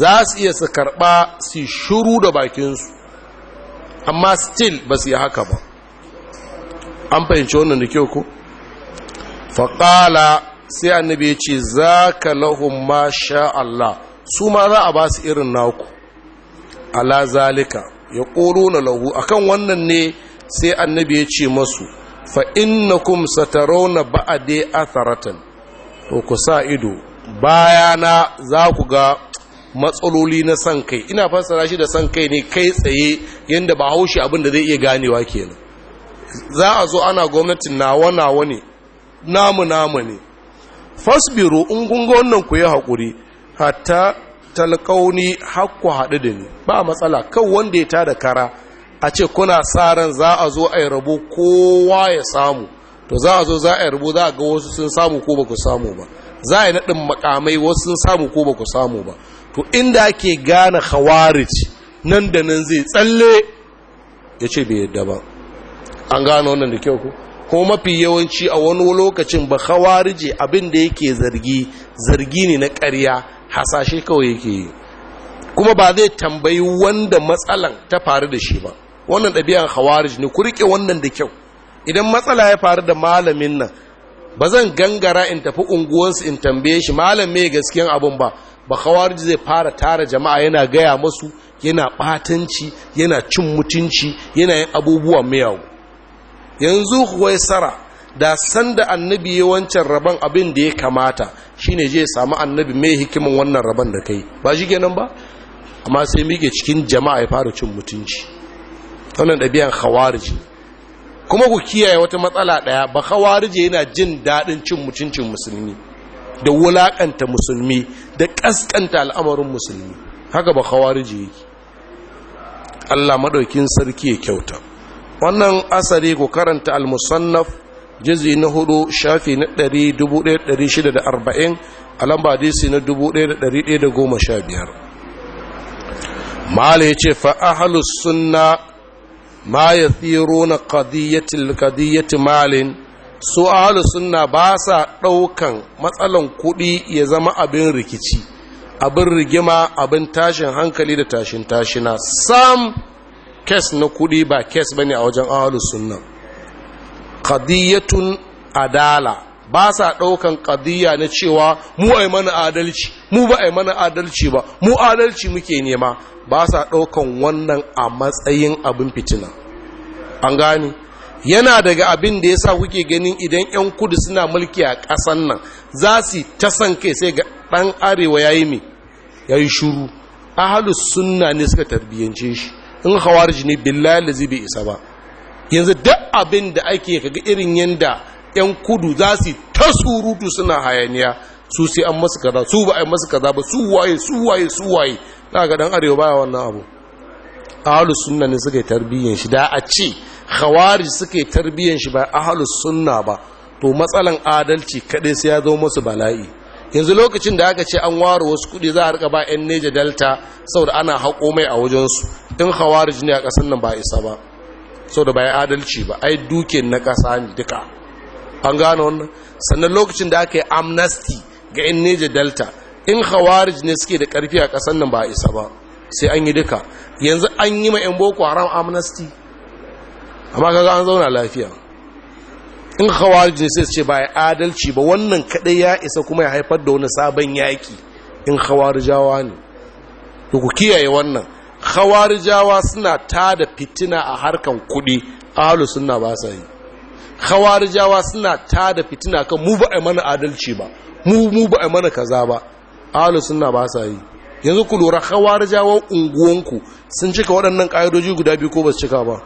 za su iya su karɓa su shuru da bakinsu amma still ba su yi haka ba an fahimci wannan da kyau ku faƙala sai annabi ya ce za ka lahun ma sha Allah su ma za a ba su irin naku ala zalika ya ƙoro na lahu kan wannan ne sai annabi ya ce masu fa innakum satarauna ba'ade tharatan to ku sa ido bayana za ku ga matsaloli na san kai ina fassara shi da san kai ne kai tsaye yadda ba haushi abin da zai iya ganewa kenan za a zo ana gwamnatin nawa nawa ne namu namu ne fasbiru in kun wannan ku yi haƙuri hatta talƙauni ku haɗu da ni ba matsala kan wanda ya tada kara a ce kuna sa ran za a zo a yi rabo kowa ya samu to za a zo za a yi rabo za a ga wasu sun samu ko ba ku samu ba za a yi naɗin makamai wasu sun samu ko ba ku samu ba to inda ake gane khawarij nan da nan zai tsalle ya ce bai yadda ba an gane wannan da kyau ko. ko mafi yawanci a wani lokacin ba khawarije abin da yake zargi zargi ne na ƙarya hasashe kawai yake yi kuma ba zai tambayi wanda matsalan ta faru da shi ba wannan ɗabi'an khawarij ne ku rike wannan da kyau idan matsala ya faru da malamin nan ba zan gangara in tafi unguwarsu in tambaye shi malam mai gaskiyan abin ba ba khawarij zai fara tara jama'a yana gaya masu yana ɓatanci yana cin mutunci yana yin abubuwan miyawu yanzu sara, da sanda annabi ya wancan rabon abin da ya kamata shine je samu annabi mai hikimin wannan rabon da kai ba shi kenan ba amma sai muke cikin jama'a ya fara cin mutunci wannan ɗabi'an khawariji kuma ku kiyaye wata matsala ɗaya ba khawariji yana jin daɗin cin mutuncin musulmi da wulaƙanta musulmi da ƙasƙanta al'amarin musulmi haka ba khawariji yake Allah maɗaukin sarki ya kyauta wannan asari ku karanta al-musannaf juzi na hudu shafi na 1640 a lamba disi na 1115 mala ya ce fa'ahalus sunna ma ya tsiro na kadiyyati malin su ahalus sunna ba sa ɗaukan matsalan kuɗi ya zama abin rikici abin rigima abin tashin hankali da tashin tashina sam kes na kudi ba kes bane a wajen ahlus sunna qadiyatun adala ba sa daukan kadiyya na cewa mu ai mana adalci mu ba ai mana adalci ba mu adalci muke nema ba sa daukan wannan a matsayin abin fitina an gani yana daga abin da yasa kuke ganin idan yan kudu suna mulki a ƙasan nan za su ta san kai sai ga ɗan arewa ya yi shuru ahalus sunna ne suka tarbiyyance shi in khawarij ne billahi lazi bi isa ba yanzu duk abin da ake kaga irin yanda yan kudu za su ta surutu suna hayaniya su sai an masu kaza su ba a masu kaza ba su waye su waye su waye na ga dan arewa baya wannan abu ahlu sunna ne suke tarbiyyan shi da a ce khawarij suke tarbiyyan shi ba ahlu sunna ba to matsalan adalci kadai sai ya zo musu bala'i yanzu lokacin da aka ce an ware wasu kudi za a rika ba 'yan neja delta saboda ana haƙo mai a wajensu in hawarij ne a ƙasar nan ba isa ba saboda ba ya adalci ba ai duke na ƙasa ne duka an gano wannan sannan lokacin da aka yi amnesty ga 'yan neja delta in hawarij ne suke da ƙarfi a ƙasar nan ba isa ba sai an yi duka yanzu an yi ma 'yan boko haram amnesty amma kaga an zauna lafiya in khawarij ne sai su ce ba ya adalci ba wannan kadai ya isa kuma ya haifar da wani sabon yaki in khawarijawa ne to ku kiyaye wannan khawarijawa suna tada fitina a harkan kudi ahlus sunna ba sa yi khawarijawa suna tada fitina kan mu ba a mana adalci ba mu mu ba a mana kaza ba ahlus sunna ba sa yi yanzu ku lura khawarijawa unguwanku sun cika waɗannan ƙa'idoji guda biyu ko ba su cika ba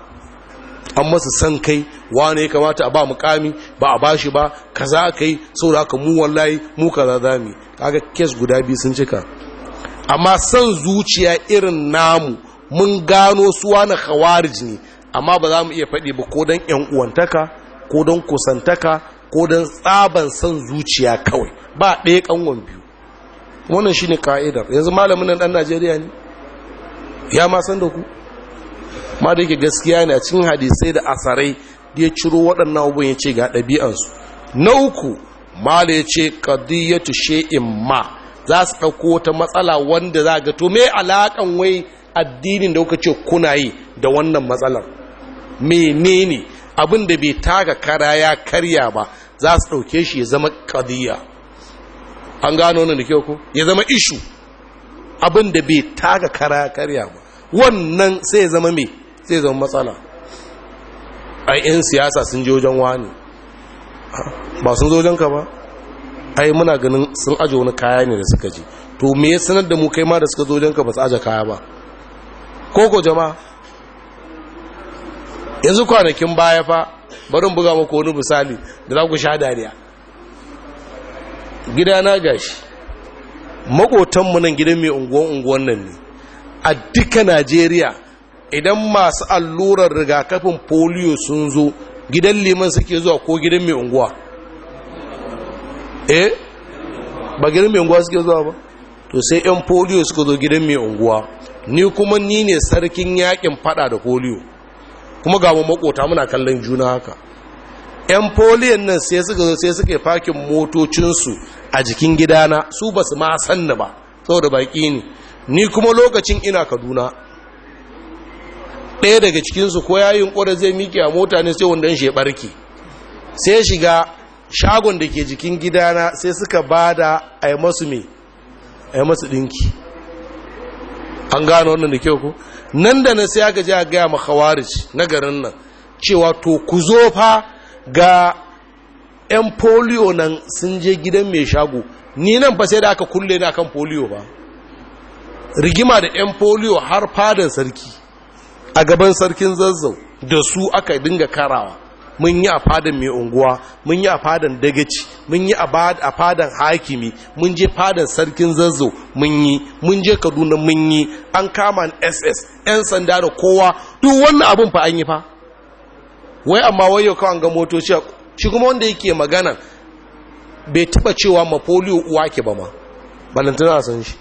an masa san kai wane ya kamata a ba mukami ba a bashi ba kaza kai saboda haka mu wallahi mu kaza zamu kaga kes guda biyu sun cika amma san zuciya irin namu mun gano su wani khawarij ne amma ba za mu iya faɗi ba ko dan yan uwantaka ko dan kusantaka ko dan tsaban san zuciya kawai ba ɗaya kanwan biyu wannan shine ka'idar yanzu malamin nan ɗan Najeriya ne ya ma san da ku ma da yake gaskiya ne a cikin hadisai da asarai da ya ciro waɗannan abubuwan ya ce ga ɗabi'ansu na uku mala ya ce tushe in ma za su ɗauko wata matsala wanda za ga to me alaƙan wai addinin da kuka ce kuna yi da wannan matsalar menene abin da bai taga kara ya karya ba za su ɗauke shi ya zama ƙadiyya an gano nan da kyau ko ya zama ishu abin da bai taga kara ya karya ba wannan sai ya zama mai zai zama matsala ai 'yan siyasa sun je wajen wani ba sun zo wajen ka ba ai muna ganin sun aje wani kaya ne da suka je? to me ya sanar da mu kai ma da suka zo wajen ka ba su aje kaya ba koko jama'a yanzu kwanakin baya fa barin buga maka wani misali da za ku sha dariya gidana gashi makotanmu nan gidan mai unguwan unguwan nan ne a duka najeriya idan masu allurar rigakafin polio sun zo gidan liman suke zuwa ko gidan mai unguwa eh ba gidan mai unguwa suke zuwa ba to sai 'yan polio suka zo gidan mai unguwa ni kuma ni ne sarkin yakin fada da polio kuma ga mu makota muna kallon juna haka 'yan polio nan sai suka zo sai suka fakin motocinsu a jikin gidana su ba su ma sanna ba saboda baki ne ni kuma lokacin ina kaduna ɗaya daga cikinsu ko ya ƙwarar zai miki a mota ne sai wanda shi ya ɓarke sai shiga shagon da ke jikin gidana sai suka ba da a yi masu mai a yi masu ɗinki an gano wannan da kyau ku nan da nan sai aka a gaya ma na garin nan cewa to ku zo fa ga 'yan polio nan sun je gidan mai shago ni nan ba sai da aka kulle ni akan polio ba rigima da 'yan polio har fadan sarki a gaban sarkin zazzau da su aka dinga karawa mun yi a fadan mai unguwa mun yi a fadan dagaci mun yi a fadan hakimi mun je fadan sarkin zazzau mun yi mun je kaduna mun yi an kama ss 'yan sanda da kowa duk wannan abin fa an yi fa wai amma wai yau kawai ga motoci shi kuma wanda yake magana bai taba cewa mapoliyo uwa ke ba ma balantana san shi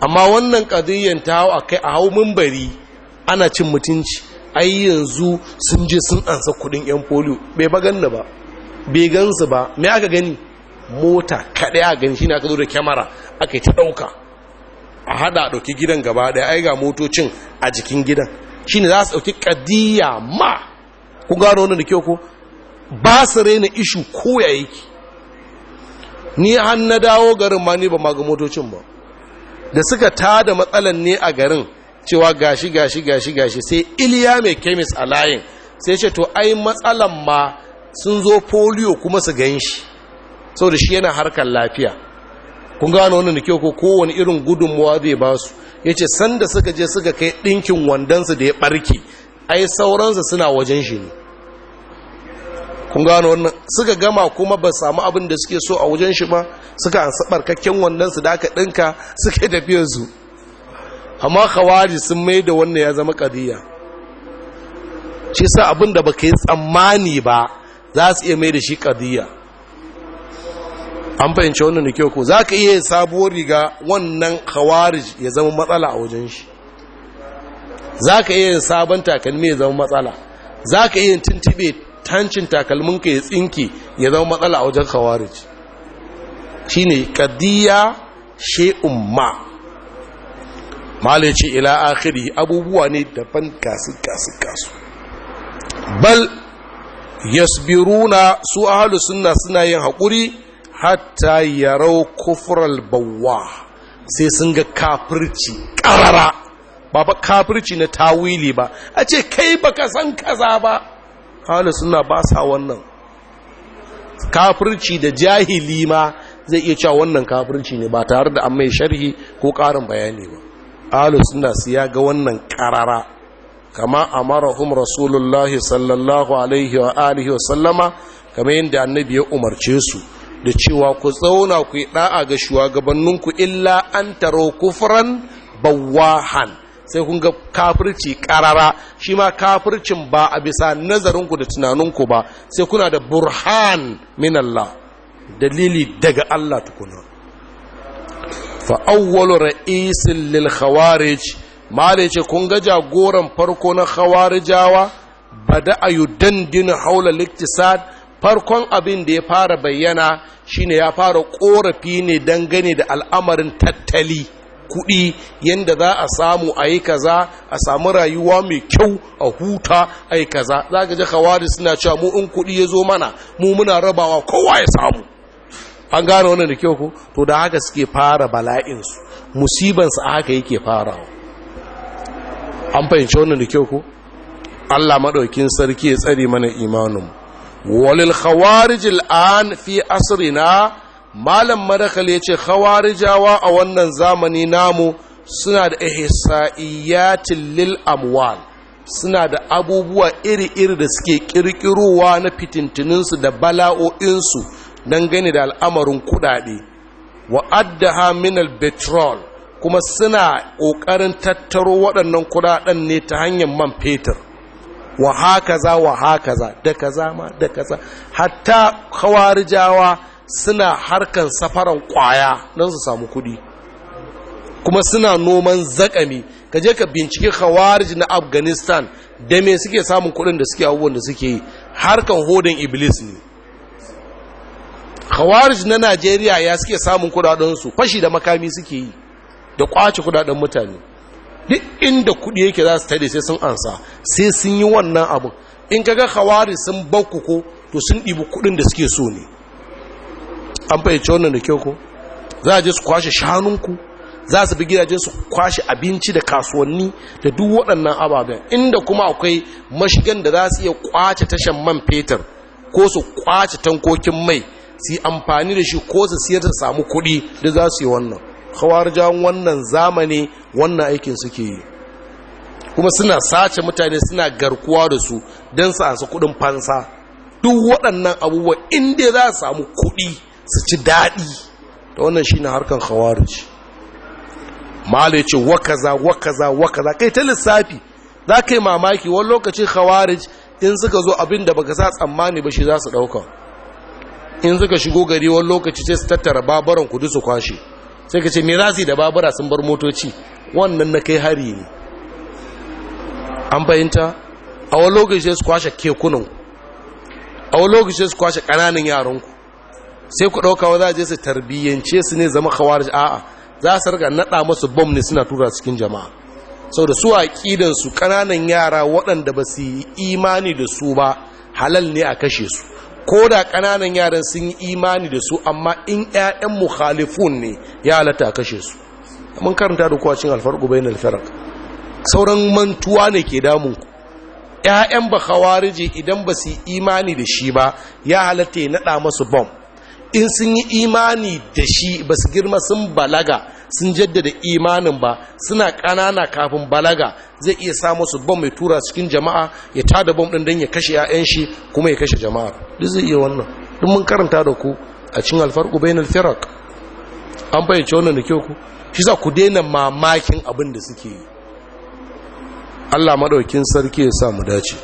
amma wannan kadiyyan ta hau a kai a hau mun bari. ana cin mutunci ai yanzu sun je sun ansa kudin yan polio bai ba ba bai gansu ba me aka gani mota kaɗai a gani shi ne aka zo da kyamara aka yi ta ɗauka a haɗa a ɗauki gidan gaba ɗaya ai ga motocin a jikin gidan shi ne za su ɗauki ƙadiyya ma ku gano wani da kyau ko ba su raina ishu ko ya yake ni har na dawo garin ma ni ba ma ga motocin ba da suka tada matsalan ne a garin cewa gashi gashi gashi gashi sai iliya mai kemis a layin sai ce to ai matsalan ma sun zo polio kuma su gan shi sau da shi yana harkar lafiya kun gano wannan da kyau ko kowane irin gudunmuwa zai ba su ya ce sanda suka je suka kai ɗinkin wandansu da ya ɓarke ai sauransu suna wajen shi ne kun gano wannan suka gama kuma ba samu abin da suke so a wajen shi ba suka ansa barkakken wandansu da aka ɗinka suka tafiyarsu amma khawari sun mai da wannan ya zama kadiya shi sa abin da baka yi tsammani ba za su iya mai da shi kadiya an fahimci wannan da kyau ko za ka iya sabuwar riga wannan khawari ya zama matsala a wajen shi za ka iya sabon takalmi ya zama matsala za ka iya tuntube tancin takalminka ya tsinki ya zama matsala a wajen khawarij shine kadiya shay'un ma mala ce ila akhiri abubuwa ne daban kasu kasu kasu bal yasbiruna su ahlus sunna suna yin haƙuri hatta yarau kufral bawwa sai sun ga kafirci ƙarara ba ba kafirci na tawili ba a ce kai baka san kaza ba ahlus sunna ba sa wannan kafirci da jahili ma zai iya cewa wannan kafirci ne ba tare da an mai sharhi ko ƙarin bayani ba ahlus suna su ya ga wannan karara kama amarahum rasulullahi sallallahu alaihi wa alihi wa sallama kamar yadda annabi ya umarce su da cewa ku tsauna ku yi da'a ga shugabanninku illa an taro kufuran bawahan sai kun ga kafirci karara shi ma kafircin ba a bisa nazarinku da tunaninku ba sai kuna da burhan min Allah dalili daga Allah tukuna fa awwalu ra'isin lil khawarij mala ce kun ga jagoran farko na khawarijawa bada ayudaddin haula liktisad farkon abin da ya fara bayyana shine ya fara korafi ne dangane da al'amarin tattali kuɗi yadda za a samu a yi kaza a samu rayuwa mai kyau a huta a yi kaza za ka ji kawari suna cewa mu in kuɗi ya zo mana mu muna rabawa kowa ya samu an gane wannan da kyau ko to da haka suke fara bala'insu musibansu a haka yake farawa an fahimci wannan da kyau ko Allah maɗaukin sarki ya tsari mana imanin walil khawarijil an fi asrina malam madakal yace khawarijawa a wannan zamani namu suna da ihsaiyatil lil amwal suna da abubuwa iri-iri da suke kirkirowa na fitintuninsu da bala'o'insu dangane da al'amarin kuɗaɗe wa addaha min albetrol kuma suna ƙoƙarin tattaro waɗannan kudaden ne ta hanyar man fetur wa hakaza wa hakaza da kaza ma da kaza hatta kawarijawa suna harkan safaran ƙwaya don su samu kuɗi kuma suna noman zakami ka je ka bincike khawarij na afghanistan da me suke samun kuɗin da suke abubuwan da suke yi harkan hodin iblis ne khawarij na najeriya ya suke samun kudadensu fashi da makami suke yi da kwace kudaden mutane duk inda kudi yake za su tare sai sun ansa sai sun yi wannan abu in ga khawarij sun ko to sun ɗibi kudin da suke so ne an fahimci wannan da kyau ko za a su kwashe shanunku za su bi gidajen su kwashe abinci da kasuwanni da duk waɗannan ababen inda kuma akwai mashigan da za su iya kwace tashan man fetur ko su kwace tankokin mai su amfani da shi ko su siyar su samu kuɗi da za su yi wannan khawarjan wannan zamani wannan aikin suke yi kuma suna sace mutane suna garkuwa da su don su ansa kuɗin fansa duk waɗannan abubuwa inda za su samu kuɗi su ci daɗi da wannan harkar harkan khawarij malai ce wakaza wakaza wakaza kai ta lissafi za ka yi mamaki wani lokacin khawarij in suka zo abin da baka sa tsammani ba shi za su ɗauka in suka shigo gari wani lokaci sai su tattara babaran kudu su kwashe sai ka ce me za su yi da babura sun bar motoci wannan na kai hari ne an fahimta a wani lokaci su kwashe kekunan a wani lokaci su kwashe ƙananan yaranku sai ku ɗauka wa za je su tarbiyyance su ne zama kawar a'a za su riga naɗa masu bom ne suna tura cikin jama'a sau da su a su ƙananan yara waɗanda ba su yi imani da su ba halal ne a kashe su ko da ƙananan yaran sun yi imani da su amma in 'ya'yan mukhalifun ne ya halatta kashe su mun karanta da kwacin cin alfarqu bainal sauran mantuwa ne ke damun ku ‘ya'yan ba khawarije idan ba su imani da shi ba ya halatta ya naɗa masu bom in sun yi imani da shi ba su girma sun balaga sun jaddada imanin ba suna ƙanana kafin balaga zai iya samu su bom mai tura cikin jama'a ya tada bom ɗin don ya kashe 'ya'yan shi kuma ya kashe jama'a duk zai iya wannan duk mun karanta da ku a cin alfarku bayan alfirak an fahimci wannan da kyau ku shi za ku daina mamakin abin da suke yi allah maɗaukin sarki ya sa mu dace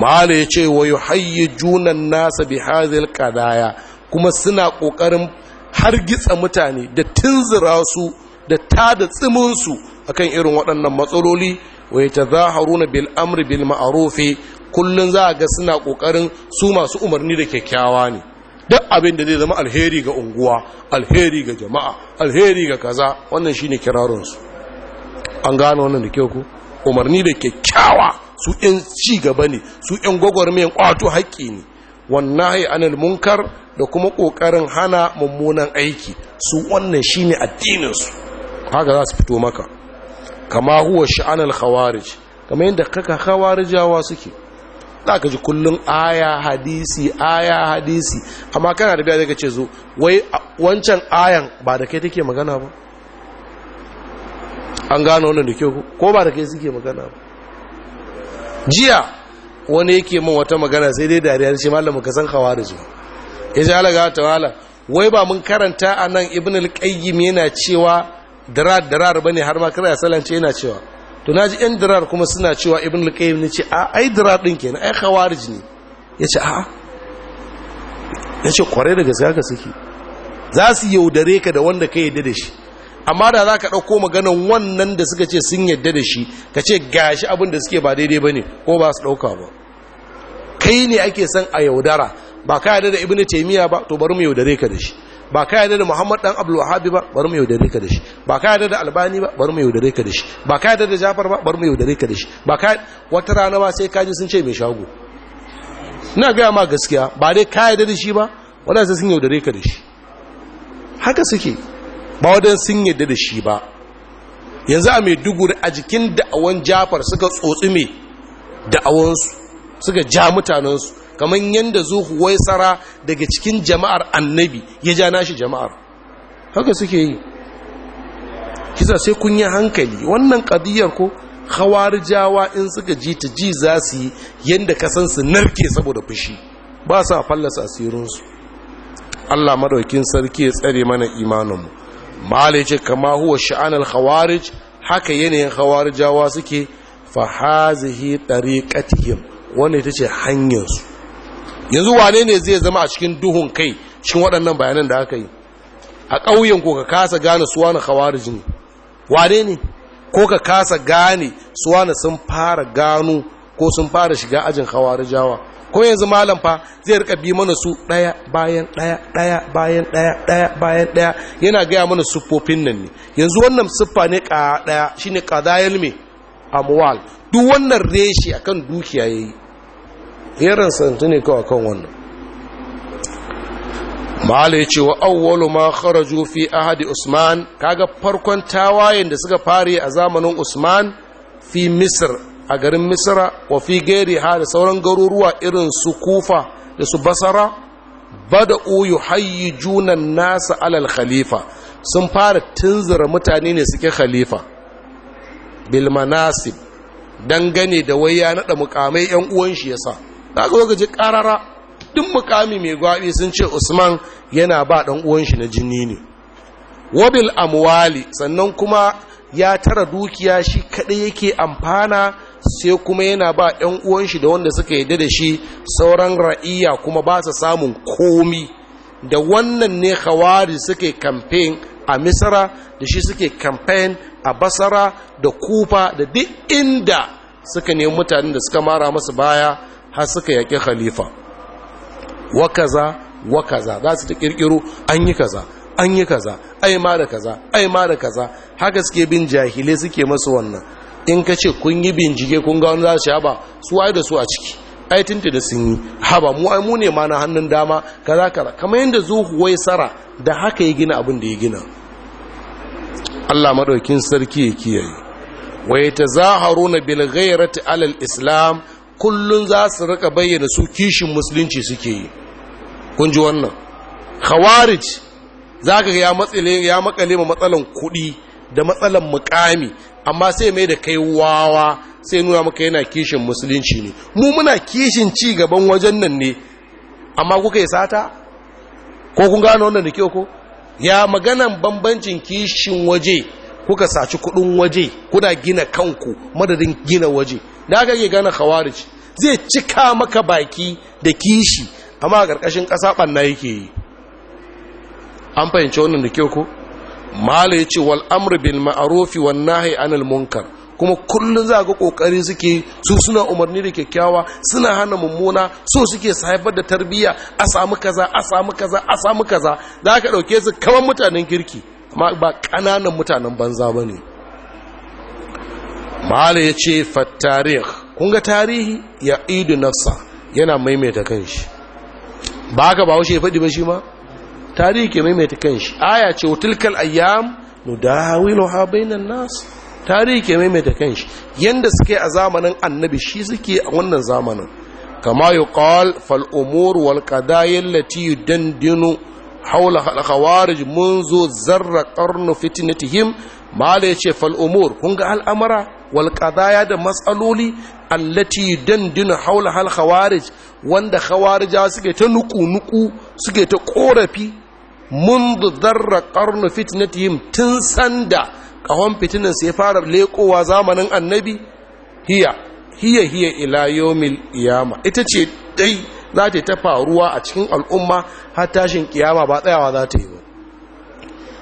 mala ya ce wa yi junan nasa bi hazil kadaya kuma suna ƙoƙarin hargitsa mutane da tunzura su da ta da tsiminsu akan irin waɗannan matsaloli wai ta za haruna bil amri bil ma'arufi kullum za a ga suna ƙoƙarin su masu umarni da kyakkyawa ne duk abin da zai zama alheri ga unguwa alheri ga jama'a alheri ga kaza wannan shine kirarunsu an gano wannan da kyau ku umarni da kyakkyawa su 'yan ci gaba ne su 'yan gwagwarmayan ƙwato haƙƙi ne wannahi anil munkar da kuma kokarin hana mummunan aiki su wannan shine addinin su haka za su fito maka kama huwa sha'anal khawarij kamar yadda kaka khawarijawa suke za ka ji kullun aya hadisi aya hadisi amma kana da biya ce zo wai wancan ayan ba da kai take magana ba an gano wannan da ke ko ba da kai suke magana ba jiya wani yake min wata magana sai dai dariya shi malamin ka san khawarij ya ji alaga ta wala wai ba mun karanta a nan ibn al-qayyim yana cewa dirar dirar bane har ma ya salance yana cewa to naji yan dirar kuma suna cewa ibn al-qayyim ne ce a ai dirar din kenan ai khawarij ne ce a ce kware da gaskiya ka suke za su yaudare ka da wanda ka yadda da shi amma da za ka ɗauko maganan wannan da suka ce sun yadda da shi ka ce gashi abin da suke ba daidai ba ne ko ba su ɗauka ba kai ne ake son a yaudara ba ka yarda da ibnu taymiya ba to bari mu yaudare ka da shi ba ka yarda da muhammad dan abdul wahabi ba bari mu yaudare ka da shi ba ka yarda da albani ba bari mu yaudare ka da shi ba ka yarda da jafar ba bari mu yaudare ka da shi ba ka wata rana ba sai kaji sun ce mai shago ina ga ma gaskiya ba dai ka yarda da shi ba wala sai sun yaudare ka da shi haka suke ba wadan sun yarda da shi ba yanzu a mai a jikin da'awan jafar suka tsotsi mai da'awansu suka ja mutanensu kamar yadda zuhu wai tsara daga cikin jama'ar annabi ya ja nashi jama'ar haka suke yi kisa sai kun yi hankali wannan ƙadiyar ko jawa in suka ji ta ji za su yi yadda su narke saboda fushi ba sa fallasa asirinsu allah maɗaukin sarki ya tsare mana imaninmu malai ce kama huwa sha'anar hawarij haka yanayin hawar jawa suke fahazihi ɗariƙatihim wanda ita ce hanyarsu yanzu wane ne zai zama a cikin duhun kai cikin waɗannan bayanan da aka yi a ƙauyen ko ka kasa gane suwa na khawariji jini? wane ne ko ka kasa gane suwa na sun fara gano ko sun fara shiga ajin jawa? ko yanzu malam fa zai rika bi mana su ɗaya bayan ɗaya ɗaya bayan ɗaya ɗaya bayan ɗaya? yana gaya mana siffofin nan ne yanzu wannan siffa ne ka daya shine qadayal me amuwal duk wannan reshi kan dukiya ya yi. Irin santu ne kawai kan wannan mahala ya ce wa awwalu ma kharaju fi ahadi usman kaga farkon tawayen da suka fare a zamanin usman fi misr a garin misra wa fi gairi ha da sauran garuruwa irin su kufa da su basara uyu hayi junan nasa alal khalifa sun fara tunzura mutane ne suke khalifa bil manasib dangane da wai ya nada mukamai yan uwan shi ya sa. za ga zo karara duk mukami mai gwabi sun ce usman yana ba ɗan uwan shi na jini ne wabil amwali sannan kuma ya tara dukiya shi kaɗai yake amfana sai kuma yana ba ɗan uwan shi da wanda suka yarda da shi sauran ra'iya kuma ba su samun komi da wannan ne khawari suke campaign a misra da shi suke campaign a basara da kufa da duk inda suka nemi mutanen da suka mara masu baya har suka yaƙi khalifa wa kaza wa kaza za su ta ƙirƙiro an yi kaza an yi kaza ai ma da kaza ai ma da kaza haka suke bin jahilai suke masu wannan in ka ce kun yi bincike kun ga wani za su haba su ai da su a ciki ai tinta da sun yi haba mu ai mu ne ma na hannun dama kaza kaza kamar yadda zuhu wai sara da haka ya gina abin da ya gina Allah madaukin sarki ya kiyaye wa yatazaharuna bil ghayrati alal islam kullun za su rika bayyana su kishin musulunci suke yi kun ji wannan khawarij za ka ya matsale ya makale ma matsalan kuɗi da matsalan mukami amma sai mai da kai wawa sai nuna maka yana kishin musulunci ne mu muna kishin ci gaban wajen nan ne amma kuka yi sata ko kun gano wannan da kyau ko ya maganan bambancin kishin waje kuka saci kudin waje kuna gina kanku madadin gina waje da aka yi gane khawarij zai cika maka baki da kishi amma a ƙarƙashin ƙasa ɓanna yake yi an fahimci wannan da kyau ko mala ya ce wal amr bil ma'ruf wan nahi anil munkar kuma kullun za ga kokari suke su suna umarni da kyakkyawa suna hana mummuna so suke sahibar da tarbiyya a samu kaza a samu kaza a samu kaza za ka dauke su kaman mutanen kirki kuma ba ƙananan mutanen banza ba ne mahala ya ce fattarih kunga tarihi ya idu nasa yana maimaita kanshi ba haka ba washe faɗi ba shi ma tarihi ke maimaita kanshi aya ce tilkal ayyam nudawilu ha bainan nas tarihi ke maimaita kanshi yanda suke a zamanin annabi shi suke a wannan zamanin kama yuqal fal umur wal qadaya allati yudandinu haula al mun zo zarra qarnu fitnatihim ya yace fal umur kun ga al'amara wal qadaya da matsaloli allati dandina haula hal khawarij wanda khawarija suke ta nuku nuku suke ta korafi منذ ذر قرن فتنتهم tun sanda kahon fitinin sai fara lekowa zamanin annabi hiya hiya hiya ila yawmil qiyama ita ce dai za ta ta faruwa a cikin al'umma har tashin kiyama ba tsayawa za ta yi ba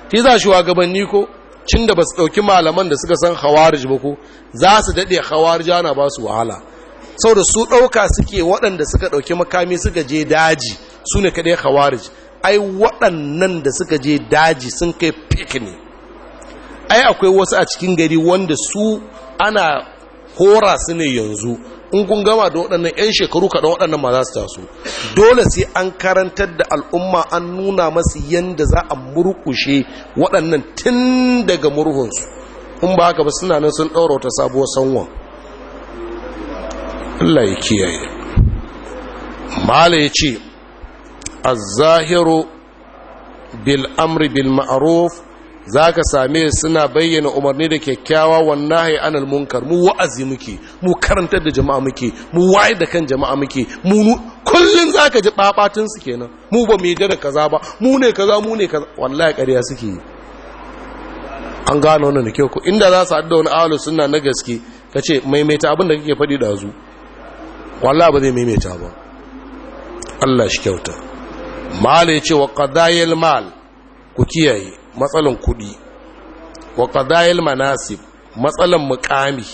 ti za shi gabanni ko cin da ba su ɗauki malaman da suka san hawarij ba ko za su daɗe hawarij na ba su wahala sau da su ɗauka suke waɗanda suka ɗauki makami suka je daji su ne kaɗai hawarij ai waɗannan da suka je daji sun kai fik ai akwai wasu a cikin gari wanda su ana hora su ne yanzu in kun gama da waɗannan 'yan shekaru kaɗan waɗannan ma za su taso dole sai an karantar da al'umma an nuna masu yadda za a murkushe waɗannan tun daga murhunsu in ba haka ba suna nan sun ɗaura wata sabuwar sanwa Allah ya kiyaye mala ya ce a zahiru bil amri bil ma'aruf za ka same suna bayyana umarni da kyakkyawa Wannan hai anal munkar mu wa'azi muke mu karantar da jama'a muke mu wayar da kan jama'a muke mu kullun za ka ji babatun su kenan mu ba mu yi da kaza ba mu ne kaza mu ne kaza wallahi ƙarya suke yi an gano wannan da ku. ko inda za su haɗu da wani ahalu sunna na gaske ka ce maimaita abin da kake faɗi da zu wallahi ba zai maimaita ba Allah shi kyauta mal ce wa qadayil mal ku kiyaye matsalan kudi wa qada'il manasib matsalan mukami.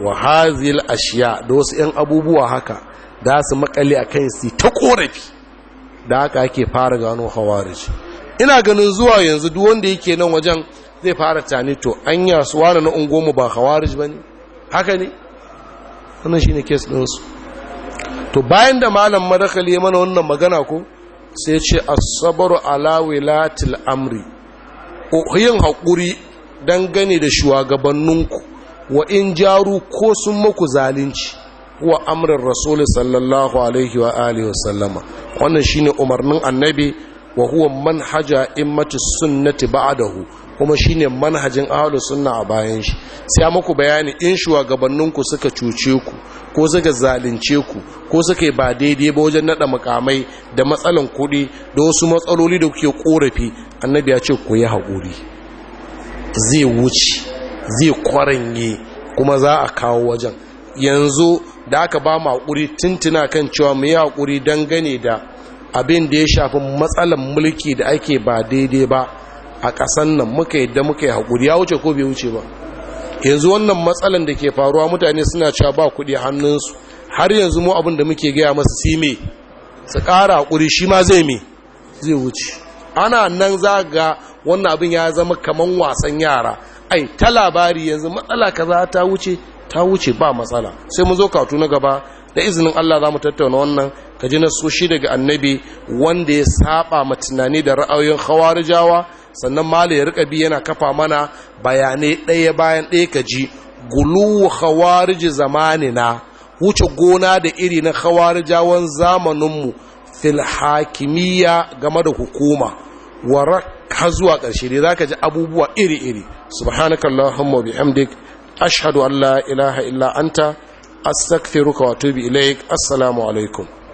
wa hazil ashiya da wasu yan abubuwa haka da su a kan si ta korafi da haka ake fara gano hawarij ina ganin zuwa yanzu duk wanda yake nan wajen zai fara tani to anya su wani na ungomu ba hawarij bane haka ne wannan shine case din su to bayan da malam madakali ya mana wannan magana ko sai ce Asabar ala wilatil amri yin haƙuri don dangane da shugabanninku wa in jaru ko sun maku zalunci wa amrin rasulun sallallahu alaihi wa alihi wasallama wannan shine umarnin annabi wa huwa manhaja immatu sunnati ba'dahu kuma shi ne manhajin ahlus sunna a bayan shi sai muku bayani in shugabanninku suka cuce ku ko suka zalunce ku ko suka yi ba daidai ba wajen nada makamai da matsalan kuɗi da wasu matsaloli da kuke korafi annabi ya ce ku yi haƙuri zai wuce zai kwaranye kuma za a kawo wajen yanzu da aka ba mu haƙuri tuntuna kan cewa mu yi haƙuri dangane da abin da ya shafi matsalan mulki da ake ba daidai ba a ƙasan nan muka yadda muka yi haƙuri ya wuce ko bai wuce ba yanzu wannan matsalan da ke faruwa mutane suna cewa ba kuɗi hannunsu har yanzu mu abin da muke gaya masu sime su ƙara haƙuri shi ma zai me zai wuce ana nan za ga wannan abin ya zama kaman wasan yara ai ta labari yanzu matsala kaza ta wuce ta wuce ba matsala sai mu zo katu na gaba da izinin Allah za mu tattauna wannan ka ji na so shi daga annabi wanda ya saba ma tunani da ra'ayoyin khawarijawa sannan mali ya rika bi yana kafa mana bayanai ɗaya bayan ɗaya ka ji gulu khawarij zamanina wuce gona da iri na khawarijawan zamaninmu fil hakimiyya game da hukuma wa har zuwa ƙarshe dai zaka ji abubuwa iri-iri subhanakallahumma bihamdik ashhadu an la ilaha illa anta astaghfiruka wa atubu ilaik assalamu alaikum